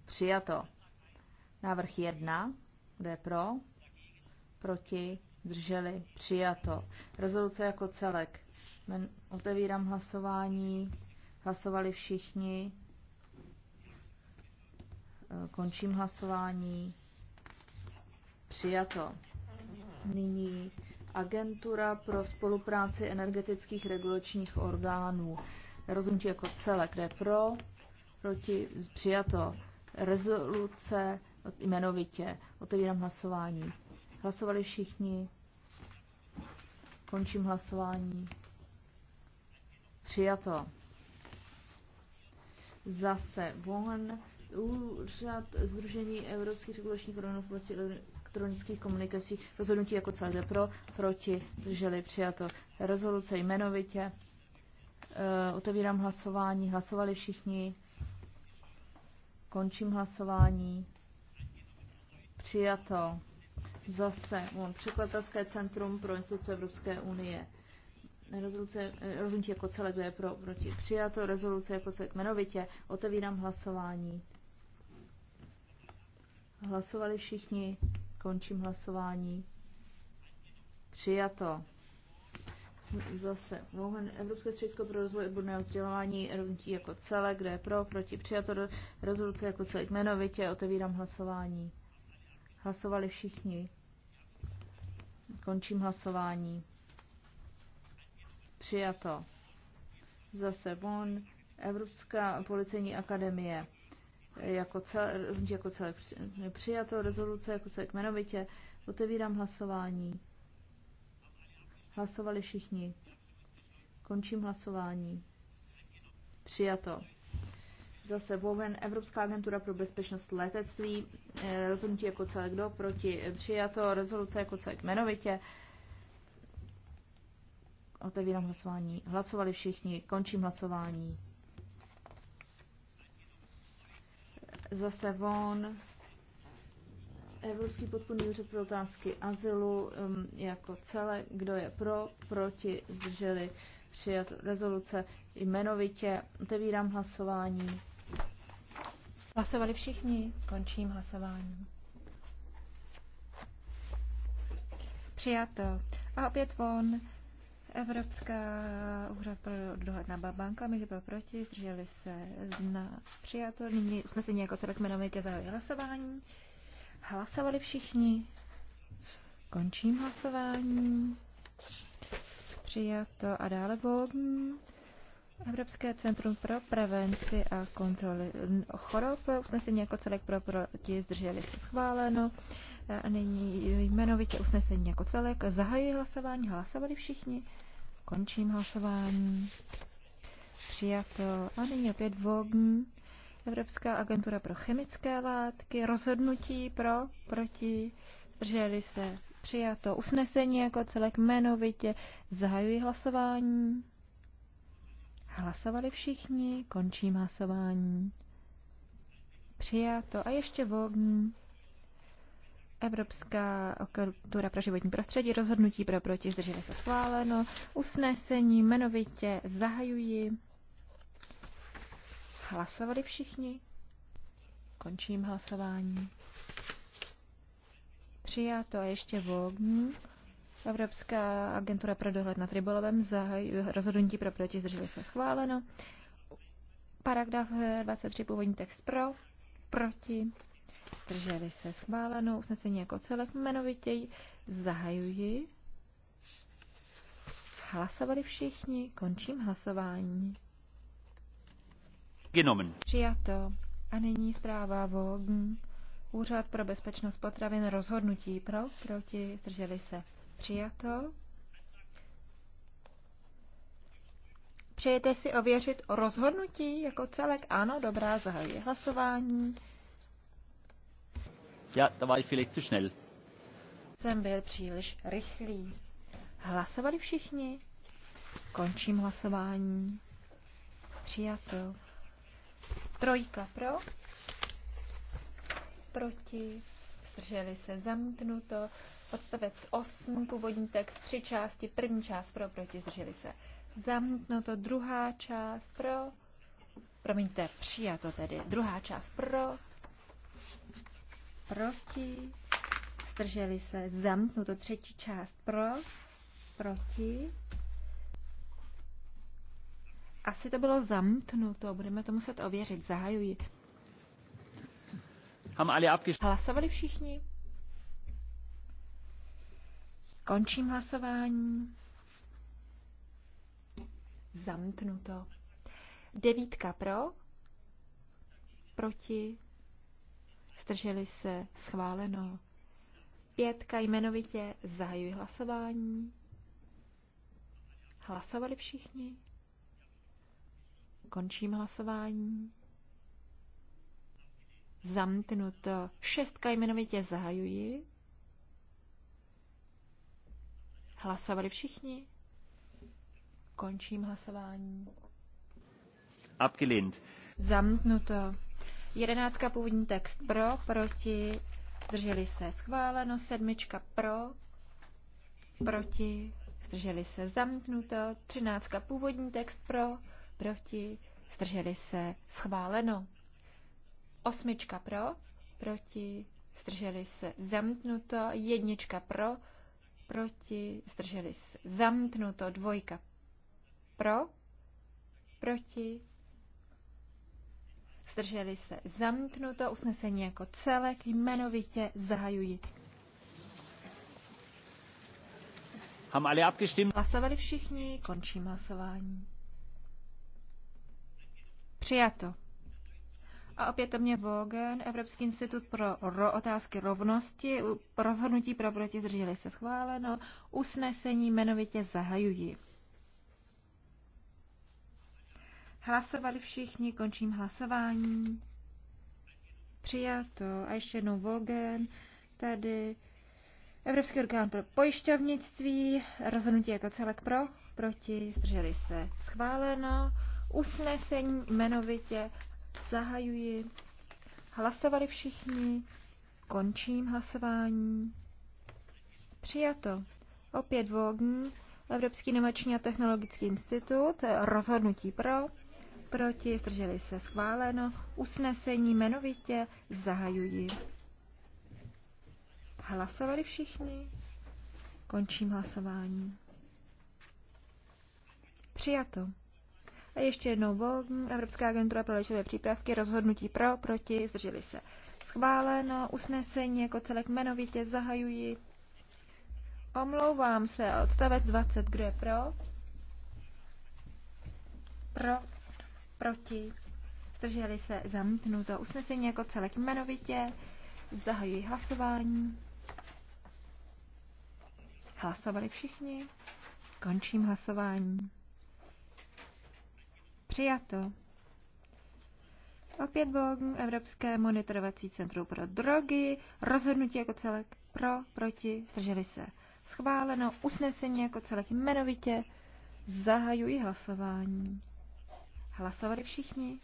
Speaker 3: Přijato. Návrh 1. Kdo je pro? Proti? Drželi? Přijato. Rezoluce jako celek. Otevírám hlasování. Hlasovali všichni. Eh, končím hlasování. Přijato. Nyní Agentura pro spolupráci energetických regulačních orgánů. Rozumčí jako celek, kde pro, proti, přijato rezoluce jmenovitě. Otevírám hlasování. Hlasovali všichni. Končím hlasování. Přijato. Zase Bohan, úřad Združení evropských regulačních orgánů v oblasti elektronických komunikací, rozhodnutí jako celé pro, proti, drželi přijato. Rezoluce jmenovitě. E, otevírám hlasování. Hlasovali všichni. Končím hlasování. Přijato. Zase on překladatelské centrum pro instituce Evropské unie. Rezoluce, eh, rozhodnutí jako celé, kdo je pro, proti. Přijato. Rezoluce jako celé jmenovitě. Otevírám hlasování. Hlasovali všichni. Končím hlasování. Přijato. Zase Mohen, Evropské středisko pro rozvoj odborného vzdělávání rozhodnutí jako celé, kde je pro, proti přijato rezoluce jako celé jmenovitě, otevírám hlasování. Hlasovali všichni. Končím hlasování. Přijato. Zase von. Evropská policejní akademie jako celé, jako celé přijato rezoluce, jako celé kmenovitě. Otevírám hlasování. Hlasovali všichni. Končím hlasování. Přijato. Zase Woven, Evropská agentura pro bezpečnost letectví, eh, rozhodnutí jako celek do, proti eh, přijato, rezoluce jako celek jmenovitě. Otevírám hlasování. Hlasovali všichni, končím hlasování. Zase von. Evropský podpůrný úřad pro otázky azylu jako celé, kdo je pro, proti, zdrželi přijat rezoluce jmenovitě. Otevírám hlasování. Hlasovali všichni. Končím hlasování.
Speaker 1: Přijato. A opět von. Evropská úřad pro dohled na my byl proti, zdrželi se na přijato. Nyní se jako celek jmenovitě zahali hlasování. Hlasovali všichni. Končím hlasování. Přijato a dále bod. Evropské centrum pro prevenci a kontroly chorob. Usnesení jako celek pro proti zdrželi se schváleno. A nyní jmenovitě usnesení jako celek. Zahajuji hlasování. Hlasovali všichni. Končím hlasování. Přijato. A nyní opět VOGN. Evropská agentura pro chemické látky. Rozhodnutí pro, proti, zdrželi se. Přijato. Usnesení jako celek jmenovitě. Zahajuji hlasování. Hlasovali všichni, končím hlasování. Přijato. A ještě volbní. Evropská kultura pro životní prostředí, rozhodnutí pro proti, zdrželi se schváleno, usnesení jmenovitě zahajuji. Hlasovali všichni? Končím hlasování. Přijato a ještě volbní. Evropská agentura pro dohled nad rybolovem, zahaj, rozhodnutí pro proti zdrželi se schváleno. Paragraf 23, původní text pro, proti, zdrželi se schváleno, usnesení jako celek jmenovitě zahajuji. Hlasovali všichni, končím hlasování. Genomen. Přijato. A nyní zpráva VOGN. Úřad pro bezpečnost potravin rozhodnutí pro, proti, zdrželi se Přijato. Přejete si ověřit rozhodnutí jako celek? Ano, dobrá, zahají hlasování.
Speaker 4: Ja, da war ich vielleicht zu schnell.
Speaker 1: Jsem byl příliš rychlý. Hlasovali všichni? Končím hlasování. Přijato. Trojka pro. Proti drželi se zamknuto. Odstavec 8, původní text, tři části, první část pro, proti, drželi se zamknuto. druhá část pro, promiňte, přijato tedy, druhá část pro, proti, drželi se zamknuto. třetí část pro, proti, asi to bylo zamknuto, budeme to muset ověřit, zahajuji. Hlasovali všichni? Končím hlasování. Zamknuto. Devítka pro, proti, Strželi se, schváleno. Pětka jmenovitě zahajuji hlasování. Hlasovali všichni? Končím hlasování zamknuto. Šestka jmenovitě zahajuji. Hlasovali všichni? Končím hlasování.
Speaker 4: Abgelehnt.
Speaker 1: Zamknuto. Jedenáctka původní text pro, proti, zdrželi se schváleno, sedmička pro, proti, zdrželi se zamknuto, třináctka původní text pro, proti, zdrželi se schváleno. Osmička pro, proti, zdrželi se zamknuto. Jednička pro, proti, zdrželi se zamknuto. Dvojka pro, proti, zdrželi se zamítnuto. Usnesení jako celek jmenovitě zahajují. Hlasovali všichni, končím hlasování. Přijato a opět mě Vogen, Evropský institut pro ro, otázky rovnosti, rozhodnutí pro proti zdrželi se schváleno, usnesení jmenovitě zahajují. Hlasovali všichni, končím hlasování. Přijato. A ještě jednou Vogen, tady Evropský orgán pro pojišťovnictví, rozhodnutí jako celek pro, proti, zdrželi se schváleno, usnesení jmenovitě Zahajuji. Hlasovali všichni. Končím hlasování. Přijato. Opět Vogní, Evropský nemační a technologický institut, rozhodnutí pro, proti, zdrželi se schváleno, usnesení jmenovitě zahajuji. Hlasovali všichni? Končím hlasování. Přijato. A ještě jednou Volgen, Evropská agentura pro léčivé přípravky, rozhodnutí pro, proti, zdrželi se. Schváleno, usnesení jako celek jmenovitě zahajují. Omlouvám se, odstavec 20, kdo je pro? Pro, proti, zdrželi se, zamítnuto. Usnesení jako celek jmenovitě zahajují hlasování. Hlasovali všichni. Končím hlasování. Přijato. Opět Bogen, Evropské monitorovací centrum pro drogy, rozhodnutí jako celek pro, proti, zdrželi se. Schváleno usnesení jako celek jmenovitě. Zahajuji hlasování. Hlasovali všichni?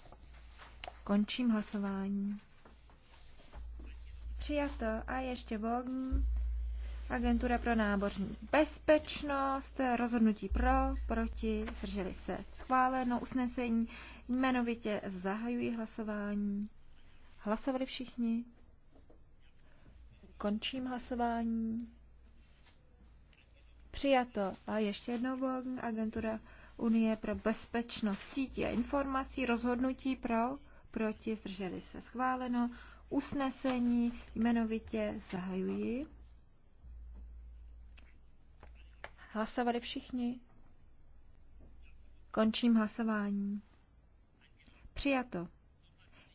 Speaker 1: Končím hlasování. Přijato a ještě Bogen. Agentura pro nábořní bezpečnost, rozhodnutí pro, proti, zdrželi se schváleno, usnesení, jmenovitě zahajují hlasování. Hlasovali všichni? Končím hlasování. Přijato. A ještě jednou volgn, agentura Unie pro bezpečnost sítí a informací, rozhodnutí pro, proti, zdrželi se schváleno, usnesení, jmenovitě zahajují. Hlasovali všichni? Končím hlasování. Přijato.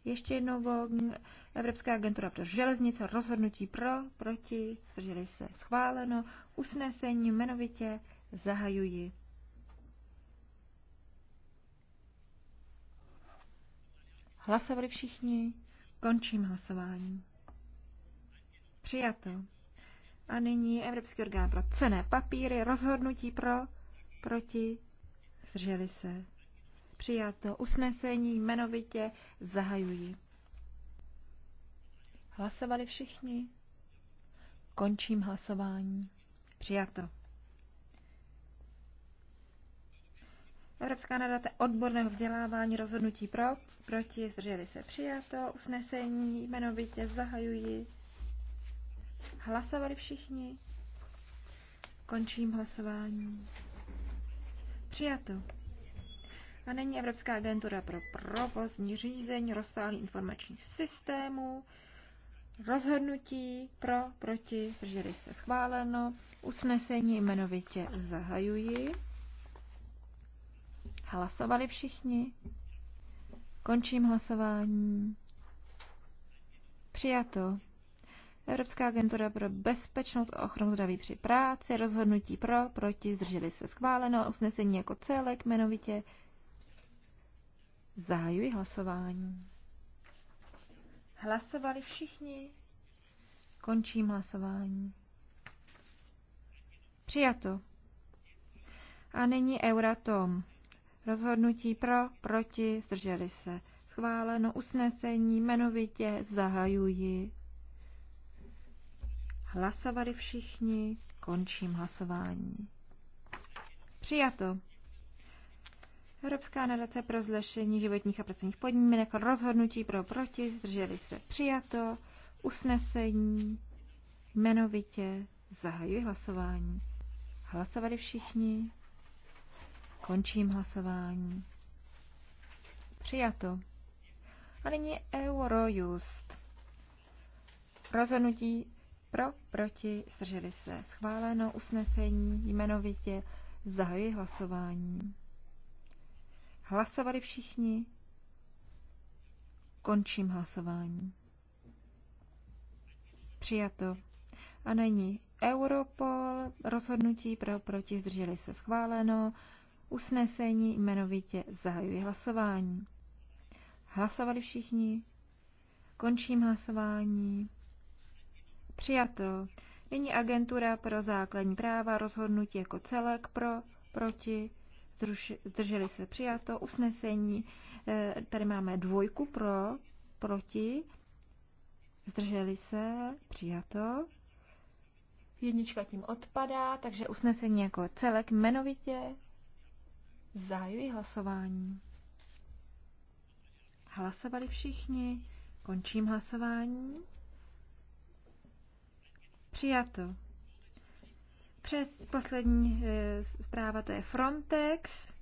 Speaker 1: Ještě jednou Volgn, Evropská agentura pro železnice, rozhodnutí pro, proti, zdrželi se, schváleno, usnesení jmenovitě zahajuji. Hlasovali všichni, končím hlasování. Přijato. A nyní Evropský orgán pro cené papíry, rozhodnutí pro, proti, zdrželi se. Přijato usnesení jmenovitě zahajují. Hlasovali všichni? Končím hlasování. Přijato. Evropská nadace odborného vzdělávání rozhodnutí pro, proti, zdrželi se přijato, usnesení jmenovitě zahajují. Hlasovali všichni? Končím hlasování. Přijato. A není Evropská agentura pro provozní řízení rozsáhlý informačních systémů. Rozhodnutí pro, proti, zdrželi se schváleno. Usnesení jmenovitě zahajuji. Hlasovali všichni. Končím hlasování. Přijato. Evropská agentura pro bezpečnost a ochranu zdraví při práci, rozhodnutí pro, proti, zdrželi se schváleno, usnesení jako celek, jmenovitě zahajuji hlasování. Hlasovali všichni, končím hlasování. Přijato. A nyní Euratom. Rozhodnutí pro, proti, zdrželi se. Schváleno usnesení, jmenovitě zahajuji Hlasovali všichni, končím hlasování. Přijato. Evropská nadace pro zlepšení životních a pracovních podmínek, rozhodnutí pro proti, zdrželi se přijato, usnesení, jmenovitě, zahajuji hlasování. Hlasovali všichni, končím hlasování. Přijato. A nyní Eurojust. Rozhodnutí pro, proti, zdrželi se. Schváleno usnesení jmenovitě. Zahajuji hlasování. Hlasovali všichni? Končím hlasování. Přijato. A není Europol, rozhodnutí pro, proti, zdrželi se schváleno, usnesení jmenovitě zahajuji hlasování. Hlasovali všichni? Končím hlasování. Přijato. Nyní agentura pro základní práva rozhodnutí jako celek pro, proti, zdrželi se přijato, usnesení. Eh, tady máme dvojku pro, proti, zdrželi se, přijato. Jednička tím odpadá, takže usnesení jako celek jmenovitě zahajuji hlasování. Hlasovali všichni, končím hlasování. Přijato. Přes poslední e, zpráva to je Frontex.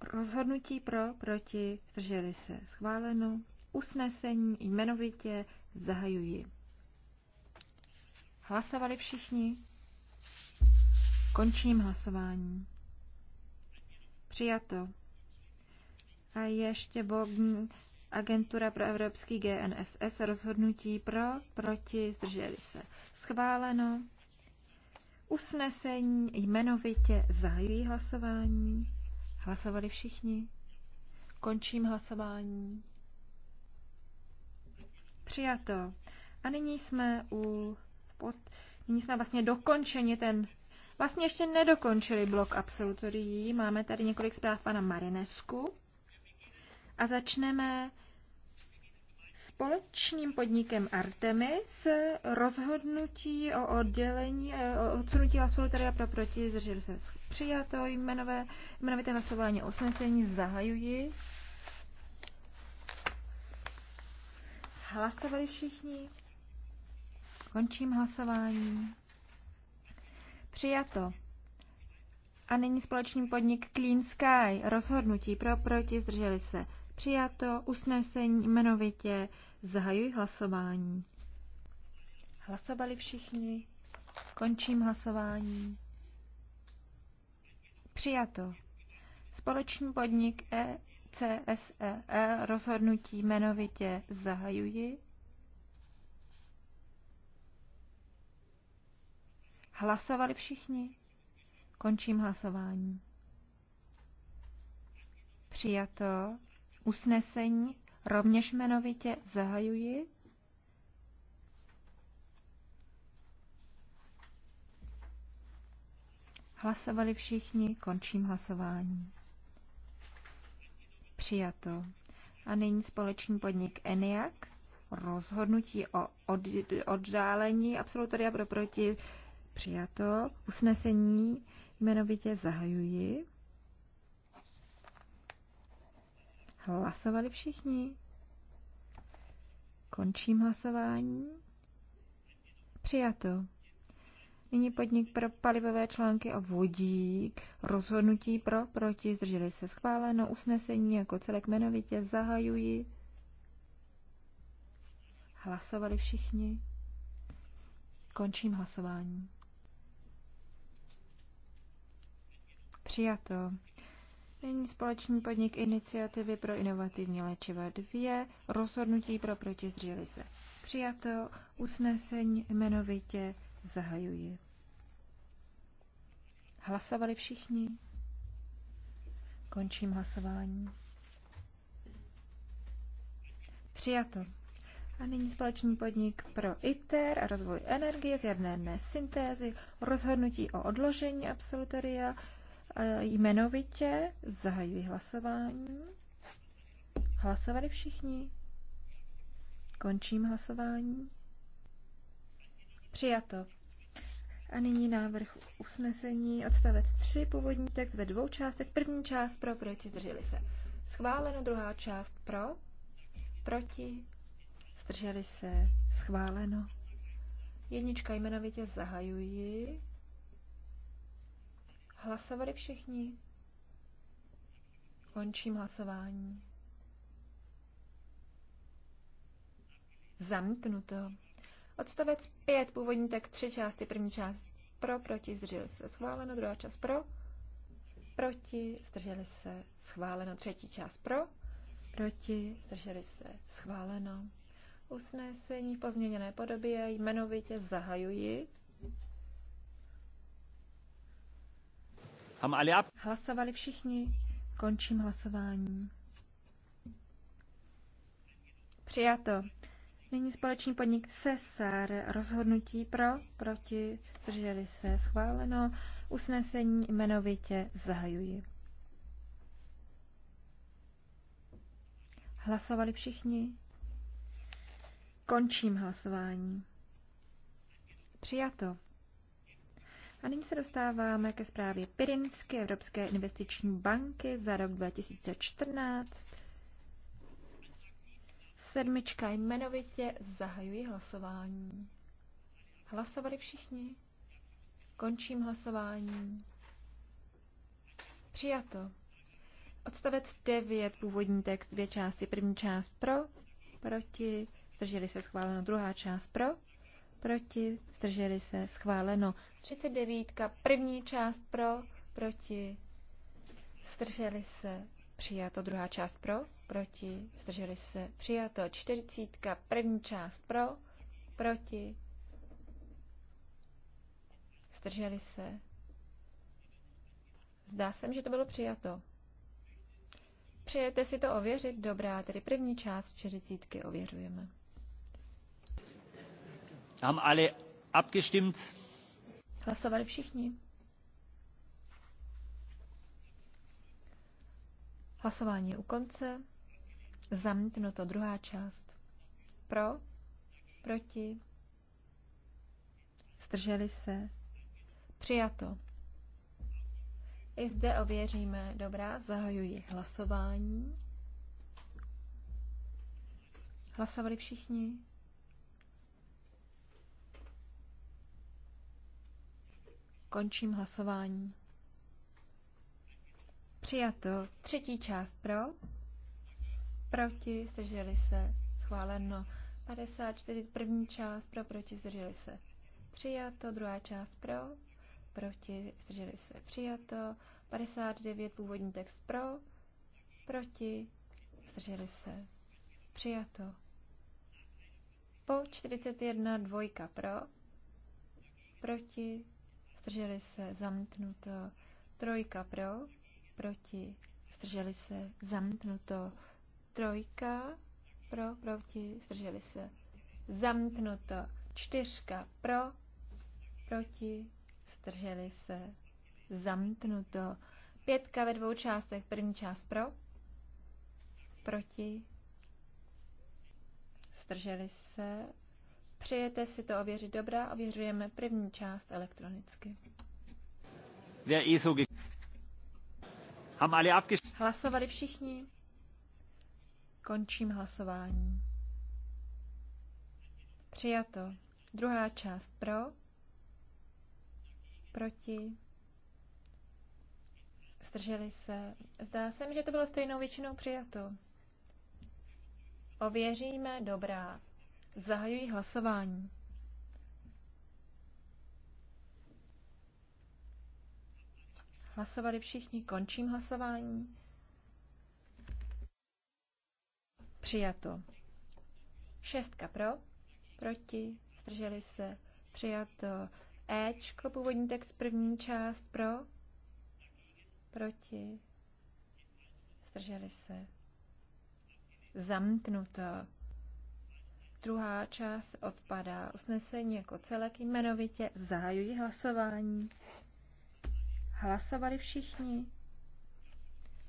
Speaker 1: Rozhodnutí pro, proti, zdrželi se. Schváleno. Usnesení jmenovitě zahajuji. Hlasovali všichni? Končím hlasování. Přijato. A ještě bod Agentura pro evropský GNSS rozhodnutí pro, proti, zdrželi se. Schváleno. Usnesení jmenovitě zahajují hlasování. Hlasovali všichni. Končím hlasování. Přijato. A nyní jsme u... Pod, nyní jsme vlastně dokončeni ten... Vlastně ještě nedokončili blok absolutorií. Máme tady několik zpráv pana Marinesku. A začneme společným podnikem Artemis rozhodnutí o oddělení, eh, o odsunutí absolutoria pro proti, zdrželi se přijato, jmenové, jmenovité hlasování o usnesení zahajuji. Hlasovali všichni. Končím hlasování. Přijato. A nyní společný podnik Clean Sky. Rozhodnutí pro proti zdrželi se Přijato usnesení jmenovitě. Zahajuji hlasování. Hlasovali všichni. Končím hlasování. Přijato. Společný podnik ECSEE e rozhodnutí jmenovitě zahajuji. Hlasovali všichni? Končím hlasování. Přijato usnesení rovněž jmenovitě zahajuji. Hlasovali všichni, končím hlasování. Přijato. A nyní společný podnik ENIAC, rozhodnutí o od, oddálení absolutoria pro proti přijato, usnesení jmenovitě zahajuji. Hlasovali všichni? Končím hlasování. Přijato. Nyní podnik pro palivové články a vodík. Rozhodnutí pro, proti, zdrželi se schváleno. Usnesení jako celek jmenovitě zahajuji. Hlasovali všichni. Končím hlasování. Přijato. Není společný podnik iniciativy pro inovativní léčiva 2, rozhodnutí pro protizřeli se. Přijato usnesení jmenovitě zahajuji. Hlasovali všichni? Končím hlasování. Přijato. A nyní společný podnik pro ITER a rozvoj energie z jedné syntézy, rozhodnutí o odložení absolutoria, E, jmenovitě zahajuji hlasování. Hlasovali všichni? Končím hlasování. Přijato. A nyní návrh usnesení odstavec 3, původní text ve dvou částech. První část pro, proti, zdrželi se. Schváleno, druhá část pro, proti, zdrželi se. Schváleno. Jednička jmenovitě zahajuji. Hlasovali všichni? Končím hlasování. Zamknuto. Odstavec 5, původní tak tři části. První část pro, proti, zdrželi se, schváleno. Druhá část pro, proti, zdrželi se, schváleno. Třetí část pro, proti, zdrželi se, schváleno. Usnesení v pozměněné podobě jmenovitě zahajuji. Hlasovali všichni. Končím hlasování. Přijato. Nyní společný podnik Cesar. Rozhodnutí pro, proti, drželi se, schváleno. Usnesení jmenovitě zahajuji. Hlasovali všichni? Končím hlasování. Přijato. A nyní se dostáváme ke zprávě Pirinské Evropské investiční banky za rok 2014. Sedmička jmenovitě zahajuji hlasování. Hlasovali všichni? Končím hlasování. Přijato. Odstavec 9, původní text, dvě části. První část pro, proti, zdrželi se schváleno, druhá část pro, proti, zdrželi se, schváleno. 39. První část pro, proti, zdrželi se, přijato. Druhá část pro, proti, zdrželi se, přijato. 40. První část pro, proti, zdrželi se. Zdá se, že to bylo přijato. Přejete si to ověřit? Dobrá, tedy první část čeřicítky
Speaker 4: ověřujeme. Haben alle abgestimmt?
Speaker 1: Hlasovali všichni. Hlasování je u konce. Zamítnuto druhá část. Pro? Proti? Zdrželi se? Přijato. I zde ověříme. Dobrá, zahajuji hlasování. Hlasovali všichni? Končím hlasování. Přijato. Třetí část pro. Proti. Zdrželi se. Schváleno. 54. První část pro. Proti. Zdrželi se. Přijato. Druhá část pro. Proti. Zdrželi se. Přijato. 59. Původní text pro. Proti. Zdrželi se. Přijato. Po 41. Dvojka pro. Proti zdrželi se, zamítnuto. Trojka pro, proti, zdrželi se, zamítnuto. Trojka pro, proti, zdrželi se, zamítnuto. Čtyřka pro, proti, zdrželi se, zamítnuto. Pětka ve dvou částech, první část pro, proti, zdrželi se, Přejete si to ověřit dobrá, ověřujeme první část elektronicky. Eh Hlasovali všichni? Končím hlasování. Přijato. Druhá část pro. Proti. Zdrželi se. Zdá se mi, že to bylo stejnou většinou přijato. Ověříme dobrá. Zahajuji hlasování. Hlasovali všichni, končím hlasování. Přijato. Šestka pro, proti, zdrželi se, přijato. Ečko, původní text, první část pro, proti, zdrželi se. Zamknuto. Druhá část odpadá. Usnesení jako celek jmenovitě zahajují hlasování. Hlasovali všichni.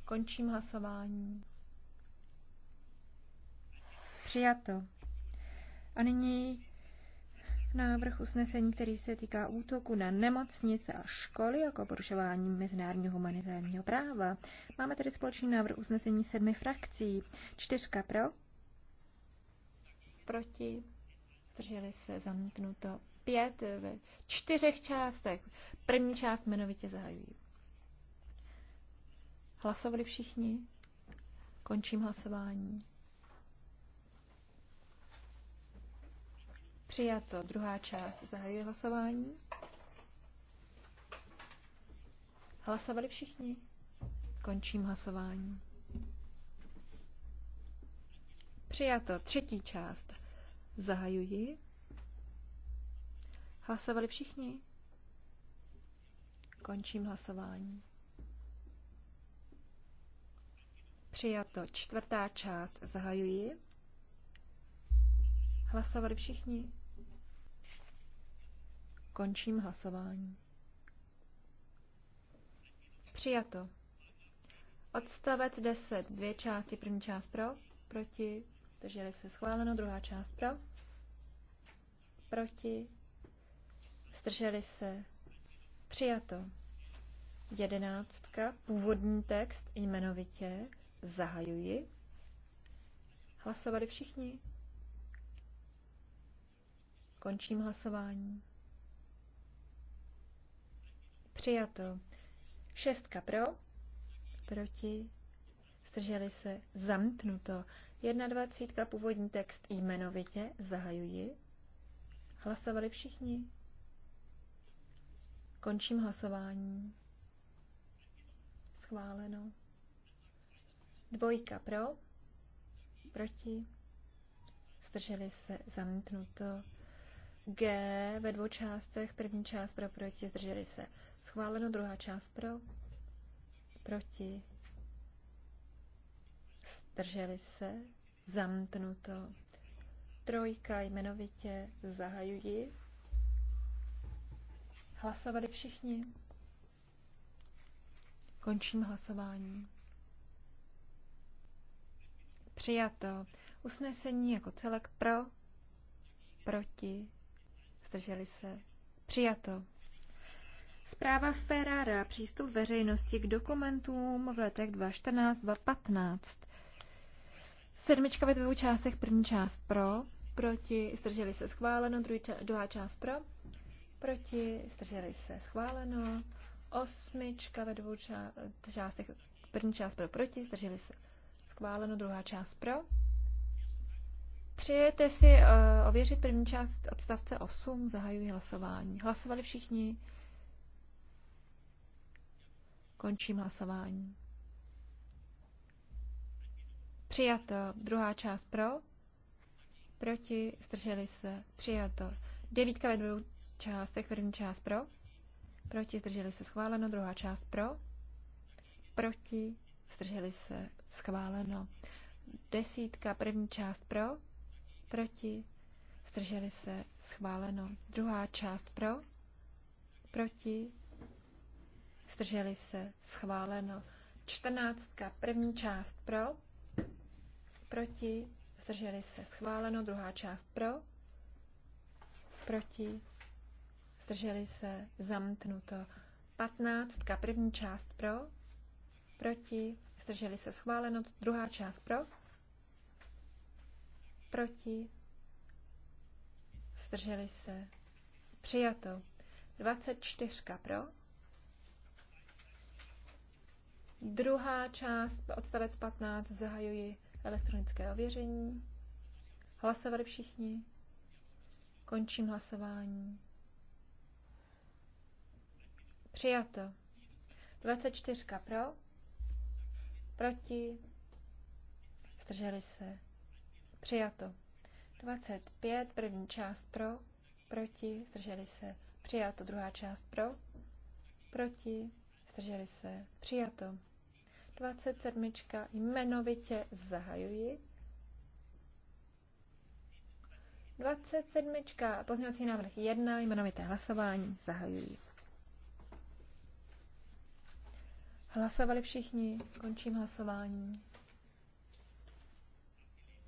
Speaker 1: Končím hlasování. Přijato. A nyní návrh usnesení, který se týká útoku na nemocnice a školy jako porušování mezinárodního humanitárního práva. Máme tady společný návrh usnesení sedmi frakcí. Čtyřka pro, proti, drželi se zamknuto pět ve čtyřech částech. První část jmenovitě zahajují. Hlasovali všichni? Končím hlasování. Přijato. Druhá část. zahajuje hlasování. Hlasovali všichni? Končím hlasování. Přijato. Třetí část. Zahajuji. Hlasovali všichni? Končím hlasování. Přijato. Čtvrtá část. Zahajuji. Hlasovali všichni? Končím hlasování. Přijato. Odstavec 10. Dvě části. První část pro, proti, zdrželi se schváleno, druhá část pro, proti, zdrželi se přijato. Jedenáctka, původní text jmenovitě zahajuji. Hlasovali všichni. Končím hlasování. Přijato. Šestka pro, proti, zdrželi se, zamknuto. 21. původní text jmenovitě zahajuji. Hlasovali všichni. Končím hlasování. Schváleno. Dvojka pro, proti, zdrželi se, zamítnuto. G ve dvou částech, první část pro, proti, zdrželi se. Schváleno, druhá část pro, proti, Drželi se? Zamknuto. Trojka jmenovitě zahajuji. Hlasovali všichni. Končím hlasování. Přijato. Usnesení jako celek pro, proti, zdrželi se. Přijato. Zpráva Ferrara. Přístup veřejnosti k dokumentům v letech 2014-2015. Sedmička ve dvou částech, první část pro, proti, zdrželi se schváleno, druhý ča- druhá část pro, proti, zdrželi se schváleno, osmička ve dvou ča- částech, první část pro, proti, zdrželi se schváleno, druhá část pro. Přijete si uh, ověřit první část odstavce 8, zahajuji hlasování. Hlasovali všichni? Končím hlasování. Přijato. Druhá část pro. Proti. Zdrželi se. Přijato. Devítka ve dvou částech. První část pro. Proti. Zdrželi se. Schváleno. Druhá část pro. Proti. Zdrželi se. Schváleno. Desítka. První část pro. Proti. Zdrželi se. Schváleno. Druhá část pro. Proti. Zdrželi se. Schváleno. Čtrnáctka. První část pro proti, zdrželi se schváleno, druhá část pro, proti, zdrželi se zamknuto. 15. První část pro, proti, zdrželi se schváleno, druhá část pro, proti, zdrželi se přijato. 24 pro, Druhá část, odstavec 15, zahajuji Elektronické ověření. Hlasovali všichni. Končím hlasování. Přijato. 24 pro. Proti. Zdrželi se. Přijato. 25. První část pro. Proti. Zdrželi se. Přijato. Druhá část pro. Proti. Zdrželi se. Přijato. 27. jmenovitě zahajuji. 27. pozměňovací návrh 1, jmenovité hlasování, zahajuji. Hlasovali všichni, končím hlasování.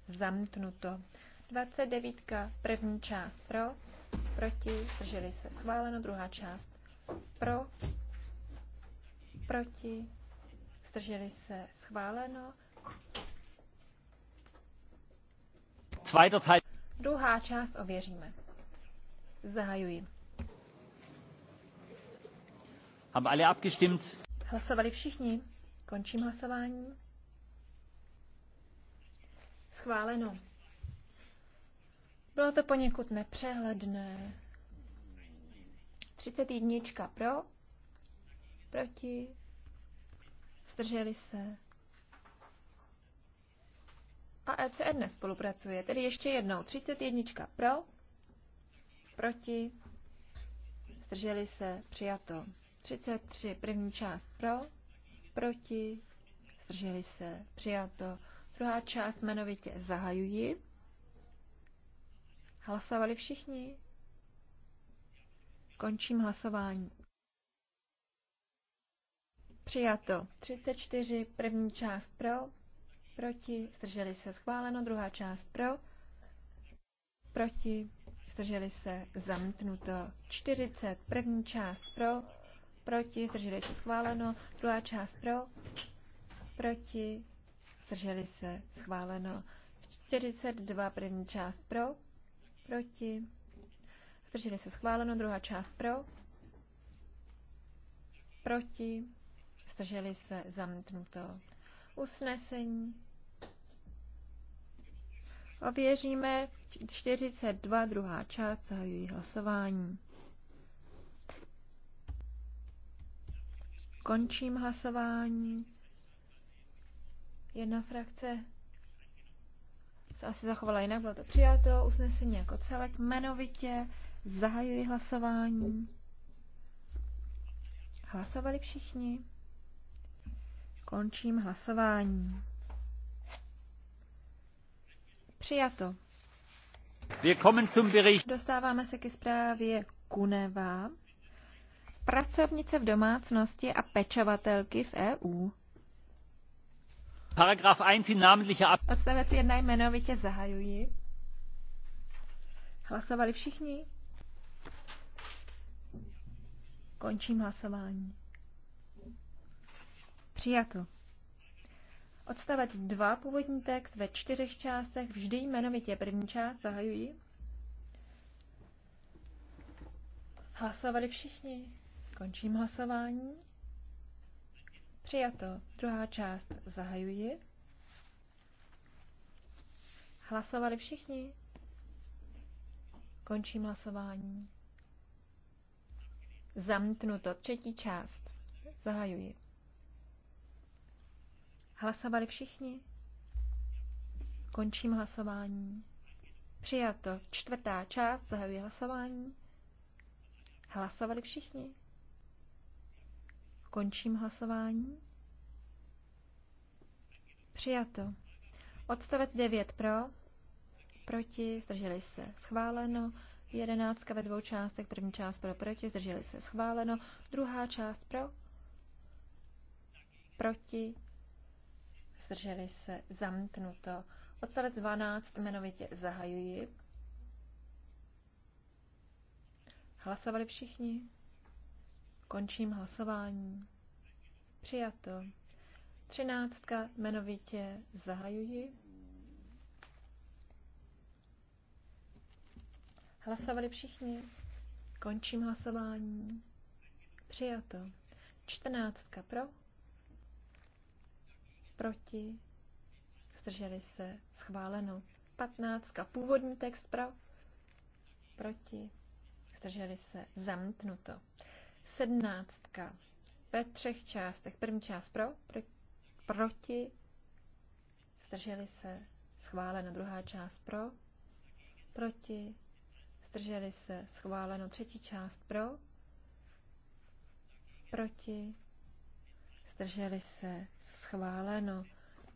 Speaker 1: Zamknuto. 29. první část pro, proti, drželi se schváleno, druhá část pro, proti, zdrželi se, schváleno. Druhá část ověříme. Zahajuji.
Speaker 4: Haben alle abgestimmt?
Speaker 1: Hlasovali všichni. Končím hlasování. Schváleno. Bylo to poněkud nepřehledné. 30 31 pro, proti, zdrželi se. A ECR spolupracuje. tedy ještě jednou 31 pro, proti, zdrželi se, přijato. 33 první část pro, proti, zdrželi se, přijato. Druhá část jmenovitě zahajuji. Hlasovali všichni? Končím hlasování. Přijato 34, první část pro, proti, zdrželi se schváleno, druhá část pro, proti, zdrželi se zamítnuto 40, první část pro, proti, zdrželi se schváleno, druhá část pro, proti, zdrželi se schváleno 42, první část pro, proti, zdrželi se schváleno, druhá část pro, proti, zdrželi se, zamítnuto. Usnesení. Ověříme 42, druhá část, zahajují hlasování. Končím hlasování. Jedna frakce se asi zachovala jinak, bylo to přijato. Usnesení jako celek jmenovitě. Zahajuji hlasování. Hlasovali všichni. Končím hlasování. Přijato. Dostáváme se ke zprávě Kuneva. Pracovnice v domácnosti a pečovatelky v EU.
Speaker 4: Paragraf 1 namentliche ab.
Speaker 1: Odstavec 1 jmenovitě zahajuji. Hlasovali všichni? Končím hlasování. Přijato. Odstavec 2, původní text ve čtyřech částech, vždy jmenovitě první část, zahajují. Hlasovali všichni. Končím hlasování. Přijato. Druhá část zahajuji. Hlasovali všichni. Končím hlasování. Zamítnuto. Třetí část. Zahajuji. Hlasovali všichni? Končím hlasování. Přijato. Čtvrtá část. zahajuje hlasování. Hlasovali všichni? Končím hlasování. Přijato. Odstavec 9 pro, proti, zdrželi se, schváleno. Jedenáctka ve dvou částech, první část pro, proti, zdrželi se, schváleno. Druhá část pro, proti, zdrželi se, zamknuto. Odstavec 12 jmenovitě zahajuji. Hlasovali všichni? Končím hlasování. Přijato. Třináctka jmenovitě zahajuji. Hlasovali všichni? Končím hlasování. Přijato. Čtrnáctka pro proti, zdrželi se, schváleno. 15. Původní text pro, proti, zdrželi se, zamtnuto. 17. Ve třech částech. První část pro, pro proti, zdrželi se, schváleno. Druhá část pro, proti, zdrželi se, schváleno. Třetí část pro, proti, zdrželi se, schváleno.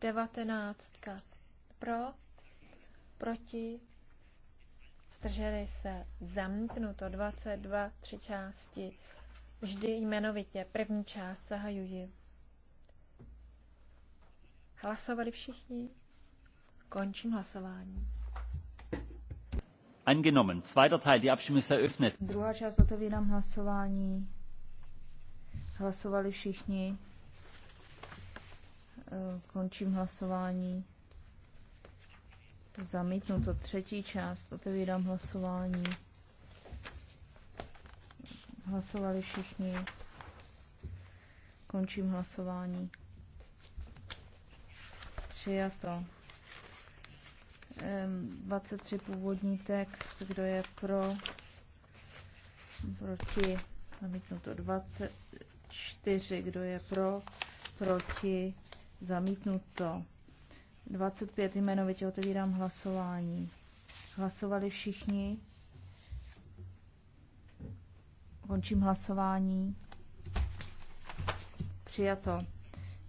Speaker 1: Devatenáctka pro, proti, zdrželi se, zamítnuto. 22, tři části, vždy jmenovitě. První část zahajuji.
Speaker 3: Hlasovali všichni? Končím hlasování.
Speaker 4: Angenommen. Zweiter Teil, die Abstimmung ist eröffnet.
Speaker 3: Druhá část otevírám hlasování. Hlasovali všichni. Eh, končím hlasování. Zamítnu to třetí část. Otevírám hlasování. Hlasovali všichni. Končím hlasování. Přijato. 23 původní text, kdo je pro, proti, to 24, kdo je pro, proti, Zamítnuto. 25 jmenovitě otevírám hlasování. Hlasovali všichni. Končím hlasování. Přijato.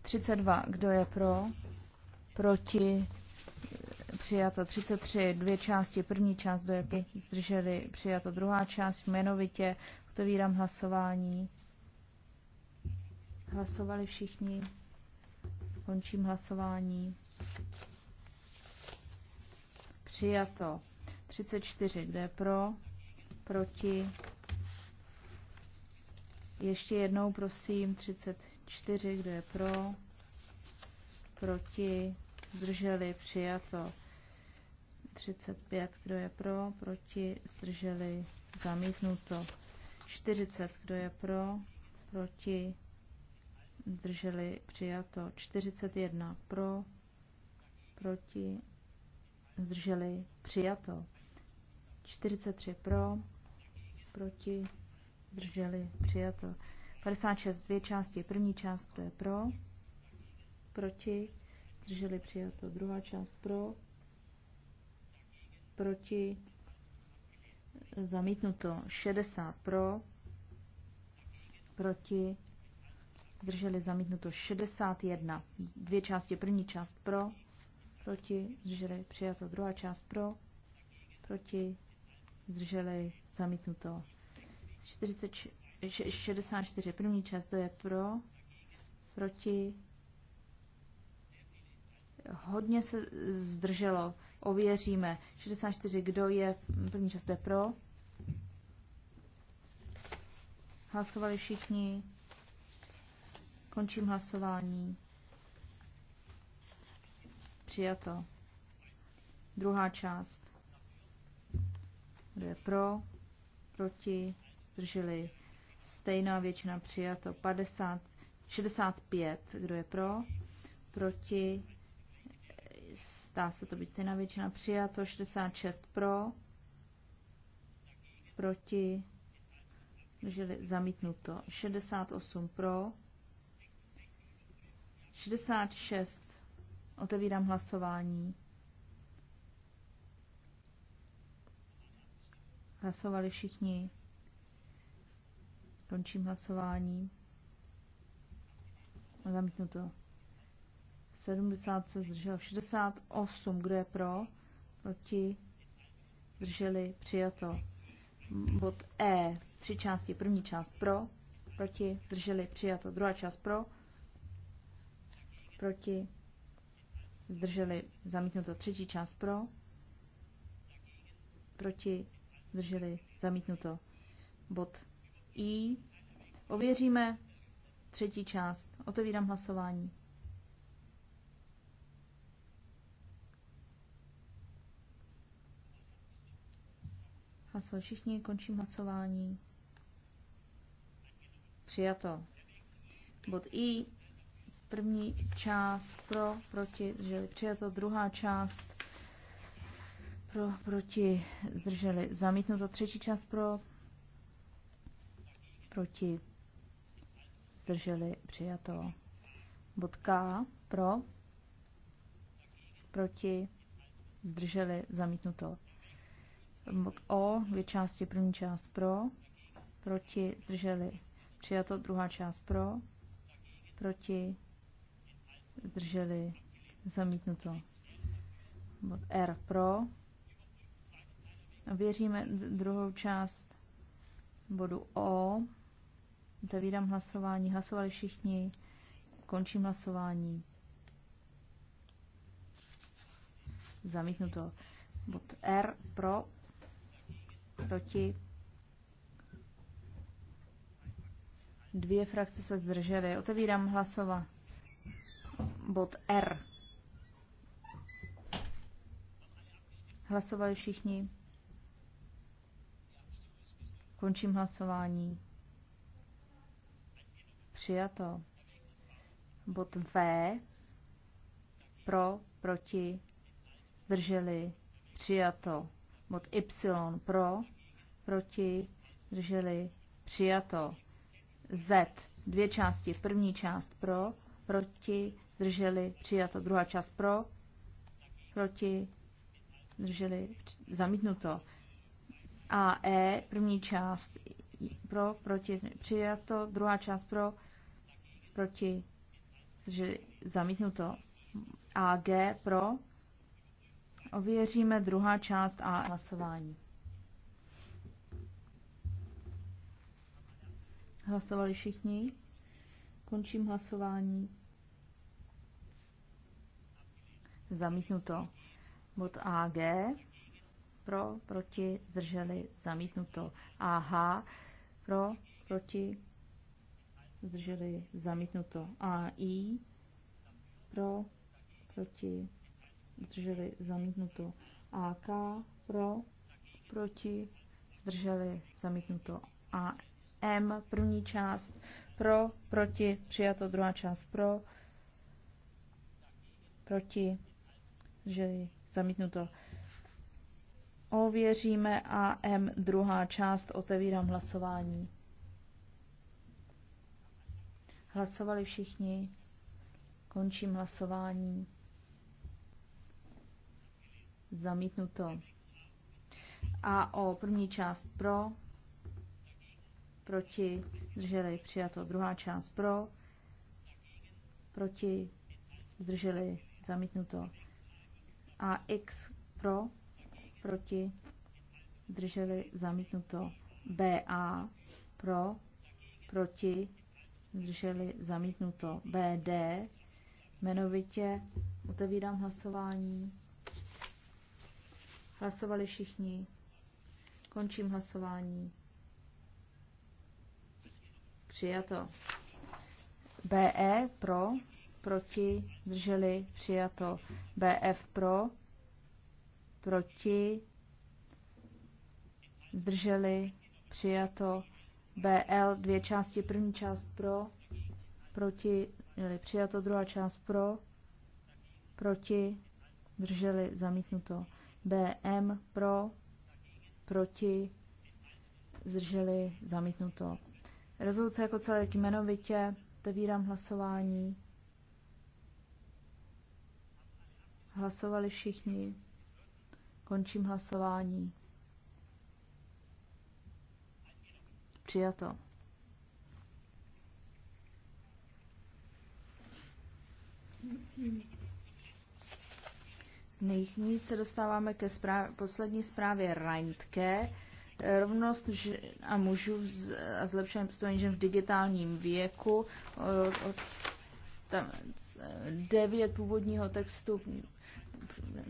Speaker 3: 32. Kdo je pro? Proti? Přijato. 33. Dvě části. První část, kdo je pro? Zdrželi. Přijato. Druhá část. Jmenovitě. Otevírám hlasování. Hlasovali všichni. Končím hlasování. Přijato. 34, je pro, proti. Ještě jednou prosím, 34, Kdo je pro, proti, zdrželi, přijato. 35, kdo je pro, proti, zdrželi, zamítnuto. 40, kdo je pro, proti, zdrželi přijato 41 pro, proti, zdrželi přijato 43 pro, proti, zdrželi přijato 56 dvě části, první část to je pro, proti, zdrželi přijato druhá část pro, proti, zamítnuto 60 pro, proti, zdrželi zamítnuto 61. Dvě části, první část pro, proti, zdrželi přijato, druhá část pro, proti, zdrželi zamítnuto 64. První část to je pro, proti, hodně se zdrželo, ověříme. 64, kdo je, první část to je pro, hlasovali všichni, Končím hlasování. Přijato. Druhá část. Kdo je pro? Proti? Drželi. Stejná většina přijato. 50, 65. Kdo je pro? Proti? Stá se to být stejná většina přijato. 66 pro? Proti? Drželi. Zamítnuto. 68 pro? 66. Otevírám hlasování. Hlasovali všichni. Končím hlasování. Zamítnuto. 70 se zdrželo. 68. Kdo je pro? Proti? Zdrželi. Přijato. Bod E. Tři části. První část pro. Proti? Zdrželi. Přijato. Druhá část pro proti, zdrželi zamítnuto třetí část pro, proti, zdrželi zamítnuto bod I. Ověříme třetí část. Otevírám hlasování. Hlasovali všichni, končím hlasování. Přijato. Bod I, První část pro, proti, zdrželi přijato. Druhá část pro, proti, zdrželi zamítnuto. Třetí část pro, proti, zdrželi přijato. Bod K pro, proti, zdrželi zamítnuto. Bod O, dvě části, první část pro, proti, zdrželi přijato, druhá část pro, proti, zdrželi, zamítnuto. Bod R pro. Věříme druhou část bodu O. Otevírám hlasování. Hlasovali všichni. Končím hlasování. Zamítnuto. Bod R pro. Proti. Dvě frakce se zdržely. Otevírám hlasování bod R. Hlasovali všichni? Končím hlasování. Přijato. Bod V. Pro, proti, drželi, přijato. Bod Y. Pro, proti, drželi, přijato. Z. Dvě části. První část pro, proti, zdrželi, přijato. Druhá část pro, proti, zdrželi, zamítnuto. A E, první část pro, proti, přijato. Druhá část pro, proti, zdrželi, zamítnuto. A G pro, ověříme druhá část A hlasování. Hlasovali všichni? Končím hlasování. zamítnuto. Bod AG pro, proti, zdrželi, zamítnuto. AH pro, proti, zdrželi, zamítnuto. AI pro, proti, zdrželi, zamítnuto. AK pro, proti, zdrželi, zamítnuto. A M, první část, pro, proti, přijato, druhá část, pro, proti, že je zamítnuto. Ověříme AM druhá část, otevírám hlasování. Hlasovali všichni, končím hlasování. Zamítnuto. A o první část pro, proti, zdrželi, přijato. Druhá část pro, proti, zdrželi, zamítnuto. A X pro, proti, zdrželi, zamítnuto. A pro, proti, zdrželi, zamítnuto. D jmenovitě, otevírám hlasování. Hlasovali všichni. Končím hlasování. Přijato. BE pro, proti, zdrželi, přijato. BF pro, proti, zdrželi, přijato. BL dvě části, první část pro, proti, zdrželi, přijato, druhá část pro, proti, zdrželi, zamítnuto. BM pro, proti, zdrželi, zamítnuto. Rezoluce jako celé jmenovitě, otevírám hlasování. Hlasovali všichni. Končím hlasování. Přijato. Nyní se dostáváme ke zpráv- poslední zprávě Reintke. Rovnost a mužů a zlepšené postavení žen v digitálním věku od tam, 9 původního textu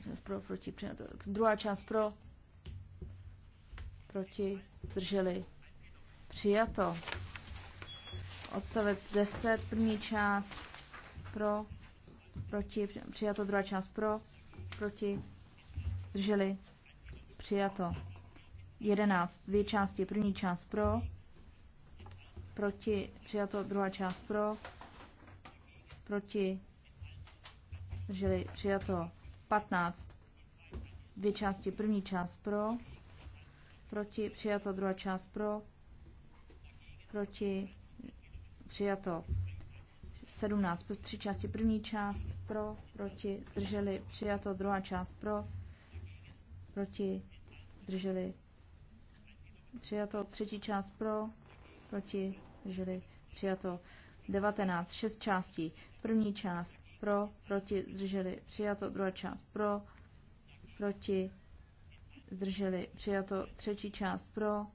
Speaker 3: část pro, proti, Druhá část pro, proti, zdrželi, přijato. Odstavec 10, první část pro, proti, přijato, druhá část pro, proti, zdrželi, přijato. 11, dvě části, první část pro, proti, přijato, druhá část pro, proti, drželi přijato. 15. Dvě části. První část pro, proti, přijato. Druhá část pro, proti, přijato. 17. Tři části. První část pro, proti, zdrželi, přijato. Druhá část pro, proti, zdrželi, přijato. Třetí část pro, proti, zdrželi, přijato. 19. Šest částí. První část pro, proti, zdrželi, přijato, druhá část pro, proti, zdrželi, přijato, třetí část pro,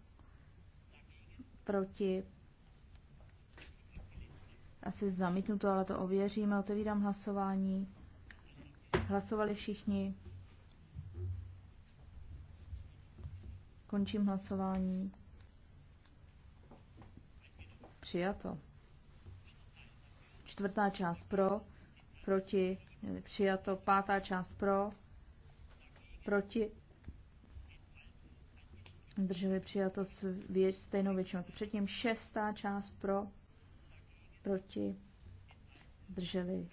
Speaker 3: proti, asi zamítnuto, ale to ověříme, otevírám hlasování, hlasovali všichni, končím hlasování, přijato. Čtvrtá část pro, proti, přijato pátá část pro, proti, drželi přijato s věř, stejnou většinou jako předtím, šestá část pro, proti, zdrželi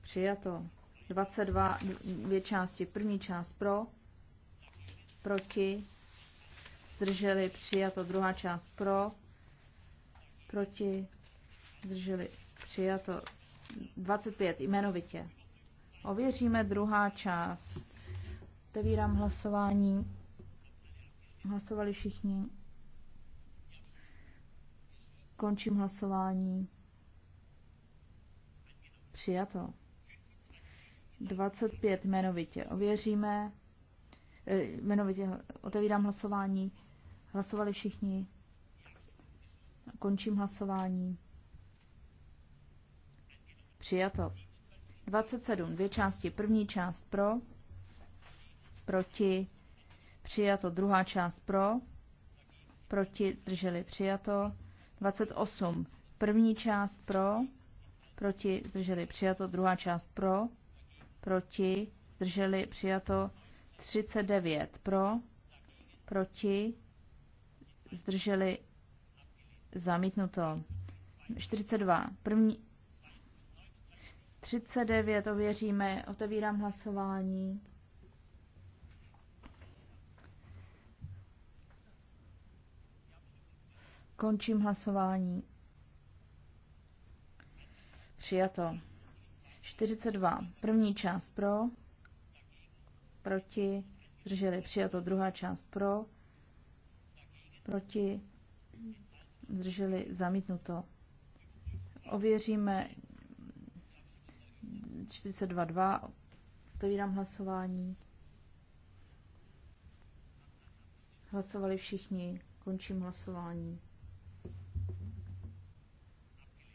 Speaker 3: přijato 22, dvě části, první část pro, proti, zdrželi přijato druhá část pro, proti, zdrželi přijato 25 jmenovitě. Ověříme druhá část. Otevírám hlasování. Hlasovali všichni. Končím hlasování. Přijato. 25 jmenovitě. Ověříme. Eh, jmenovitě otevírám hlasování. Hlasovali všichni. Končím hlasování. Přijato. 27. Dvě části. První část pro. Proti. Přijato. Druhá část pro. Proti. Zdrželi. Přijato. 28. První část pro. Proti. Zdrželi. Přijato. Druhá část pro. Proti. Zdrželi. Přijato. 39. Pro. Proti. Zdrželi. Zamítnuto. 42. První, 39 ověříme, otevírám hlasování. Končím hlasování. Přijato. 42. První část pro, proti, zdrželi přijato. Druhá část pro, proti, zdrželi zamítnuto. Ověříme 42.2. Otevírám hlasování. Hlasovali všichni. Končím hlasování.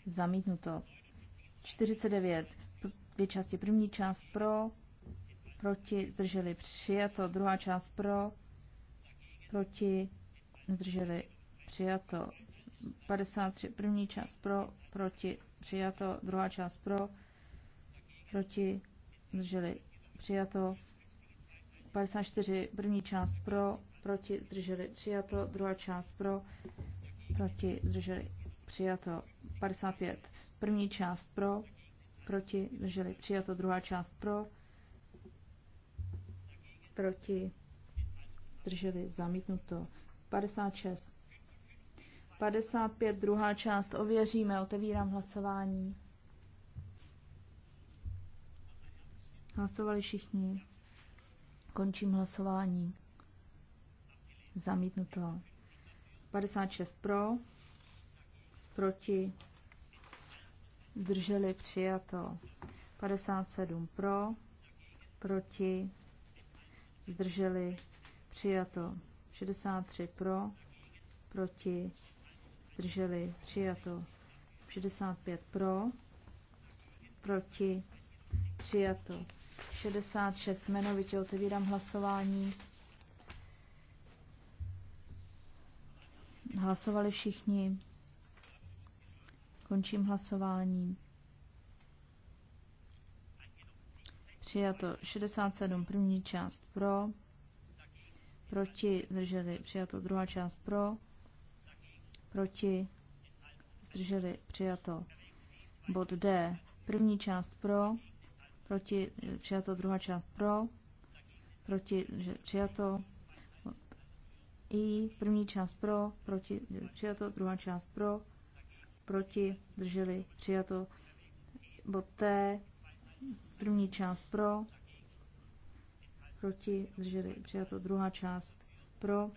Speaker 3: Zamítnuto. 49. Dvě části. První část pro, proti, zdrželi přijato. Druhá část pro, proti, zdrželi přijato. 53. První část pro, proti, přijato. Druhá část pro, proti, zdrželi přijato. 54, první část pro, proti, zdrželi přijato. Druhá část pro, proti, zdrželi přijato. 55, první část pro, proti, zdrželi přijato. Druhá část pro, proti, zdrželi zamítnuto. 56. 55, druhá část, ověříme, otevírám hlasování. Hlasovali všichni. Končím hlasování. Zamítnuto. 56 pro, proti, zdrželi přijato. 57 pro, proti, zdrželi přijato. 63 pro, proti, zdrželi přijato. 65 pro, proti, přijato. 66 jmenovitě otevírám hlasování. Hlasovali všichni. Končím hlasování. Přijato 67 první část pro. Proti zdrželi přijato druhá část pro. Proti zdrželi přijato bod D. První část pro proti, přijato druhá část pro, proti, přijato i první část pro, proti, přijato druhá část pro, proti, drželi, přijato bod T, první část pro, proti, drželi, přijato druhá část pro,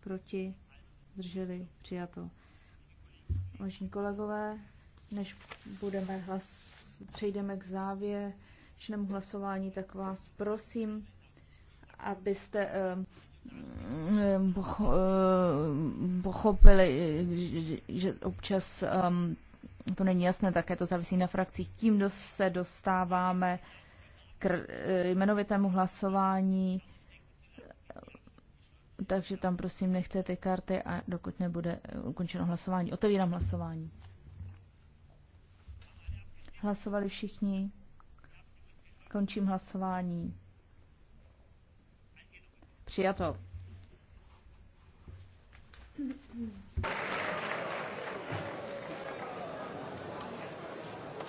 Speaker 3: proti, drželi, přijato. Vážení kolegové, než budeme hlas, přejdeme k závěru, začneme hlasování, tak vás prosím, abyste eh, eh, eh, pochopili, že občas to není jasné, také to závisí na frakcích. Tím se dostáváme k jmenovitému hlasování, takže tam prosím nechte ty karty a dokud nebude ukončeno hlasování. Otevírám hlasování. Hlasovali všichni. Končím hlasování. Přijato.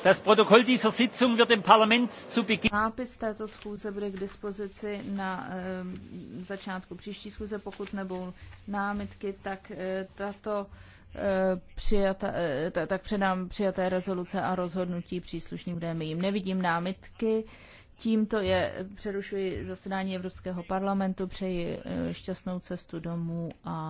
Speaker 4: Das Protokoll dieser Sitzung wird dem Parlament
Speaker 3: zu Beginn. Nápis této schůze bude k dispozici na e, začátku příští schůze, pokud nebudou námitky, tak e, tato přijata, eh, tak předám přijaté rezoluce a rozhodnutí příslušným gremiím. Nevidím námitky. Tímto je, přerušuji zasedání Evropského parlamentu, přeji eh, šťastnou cestu domů a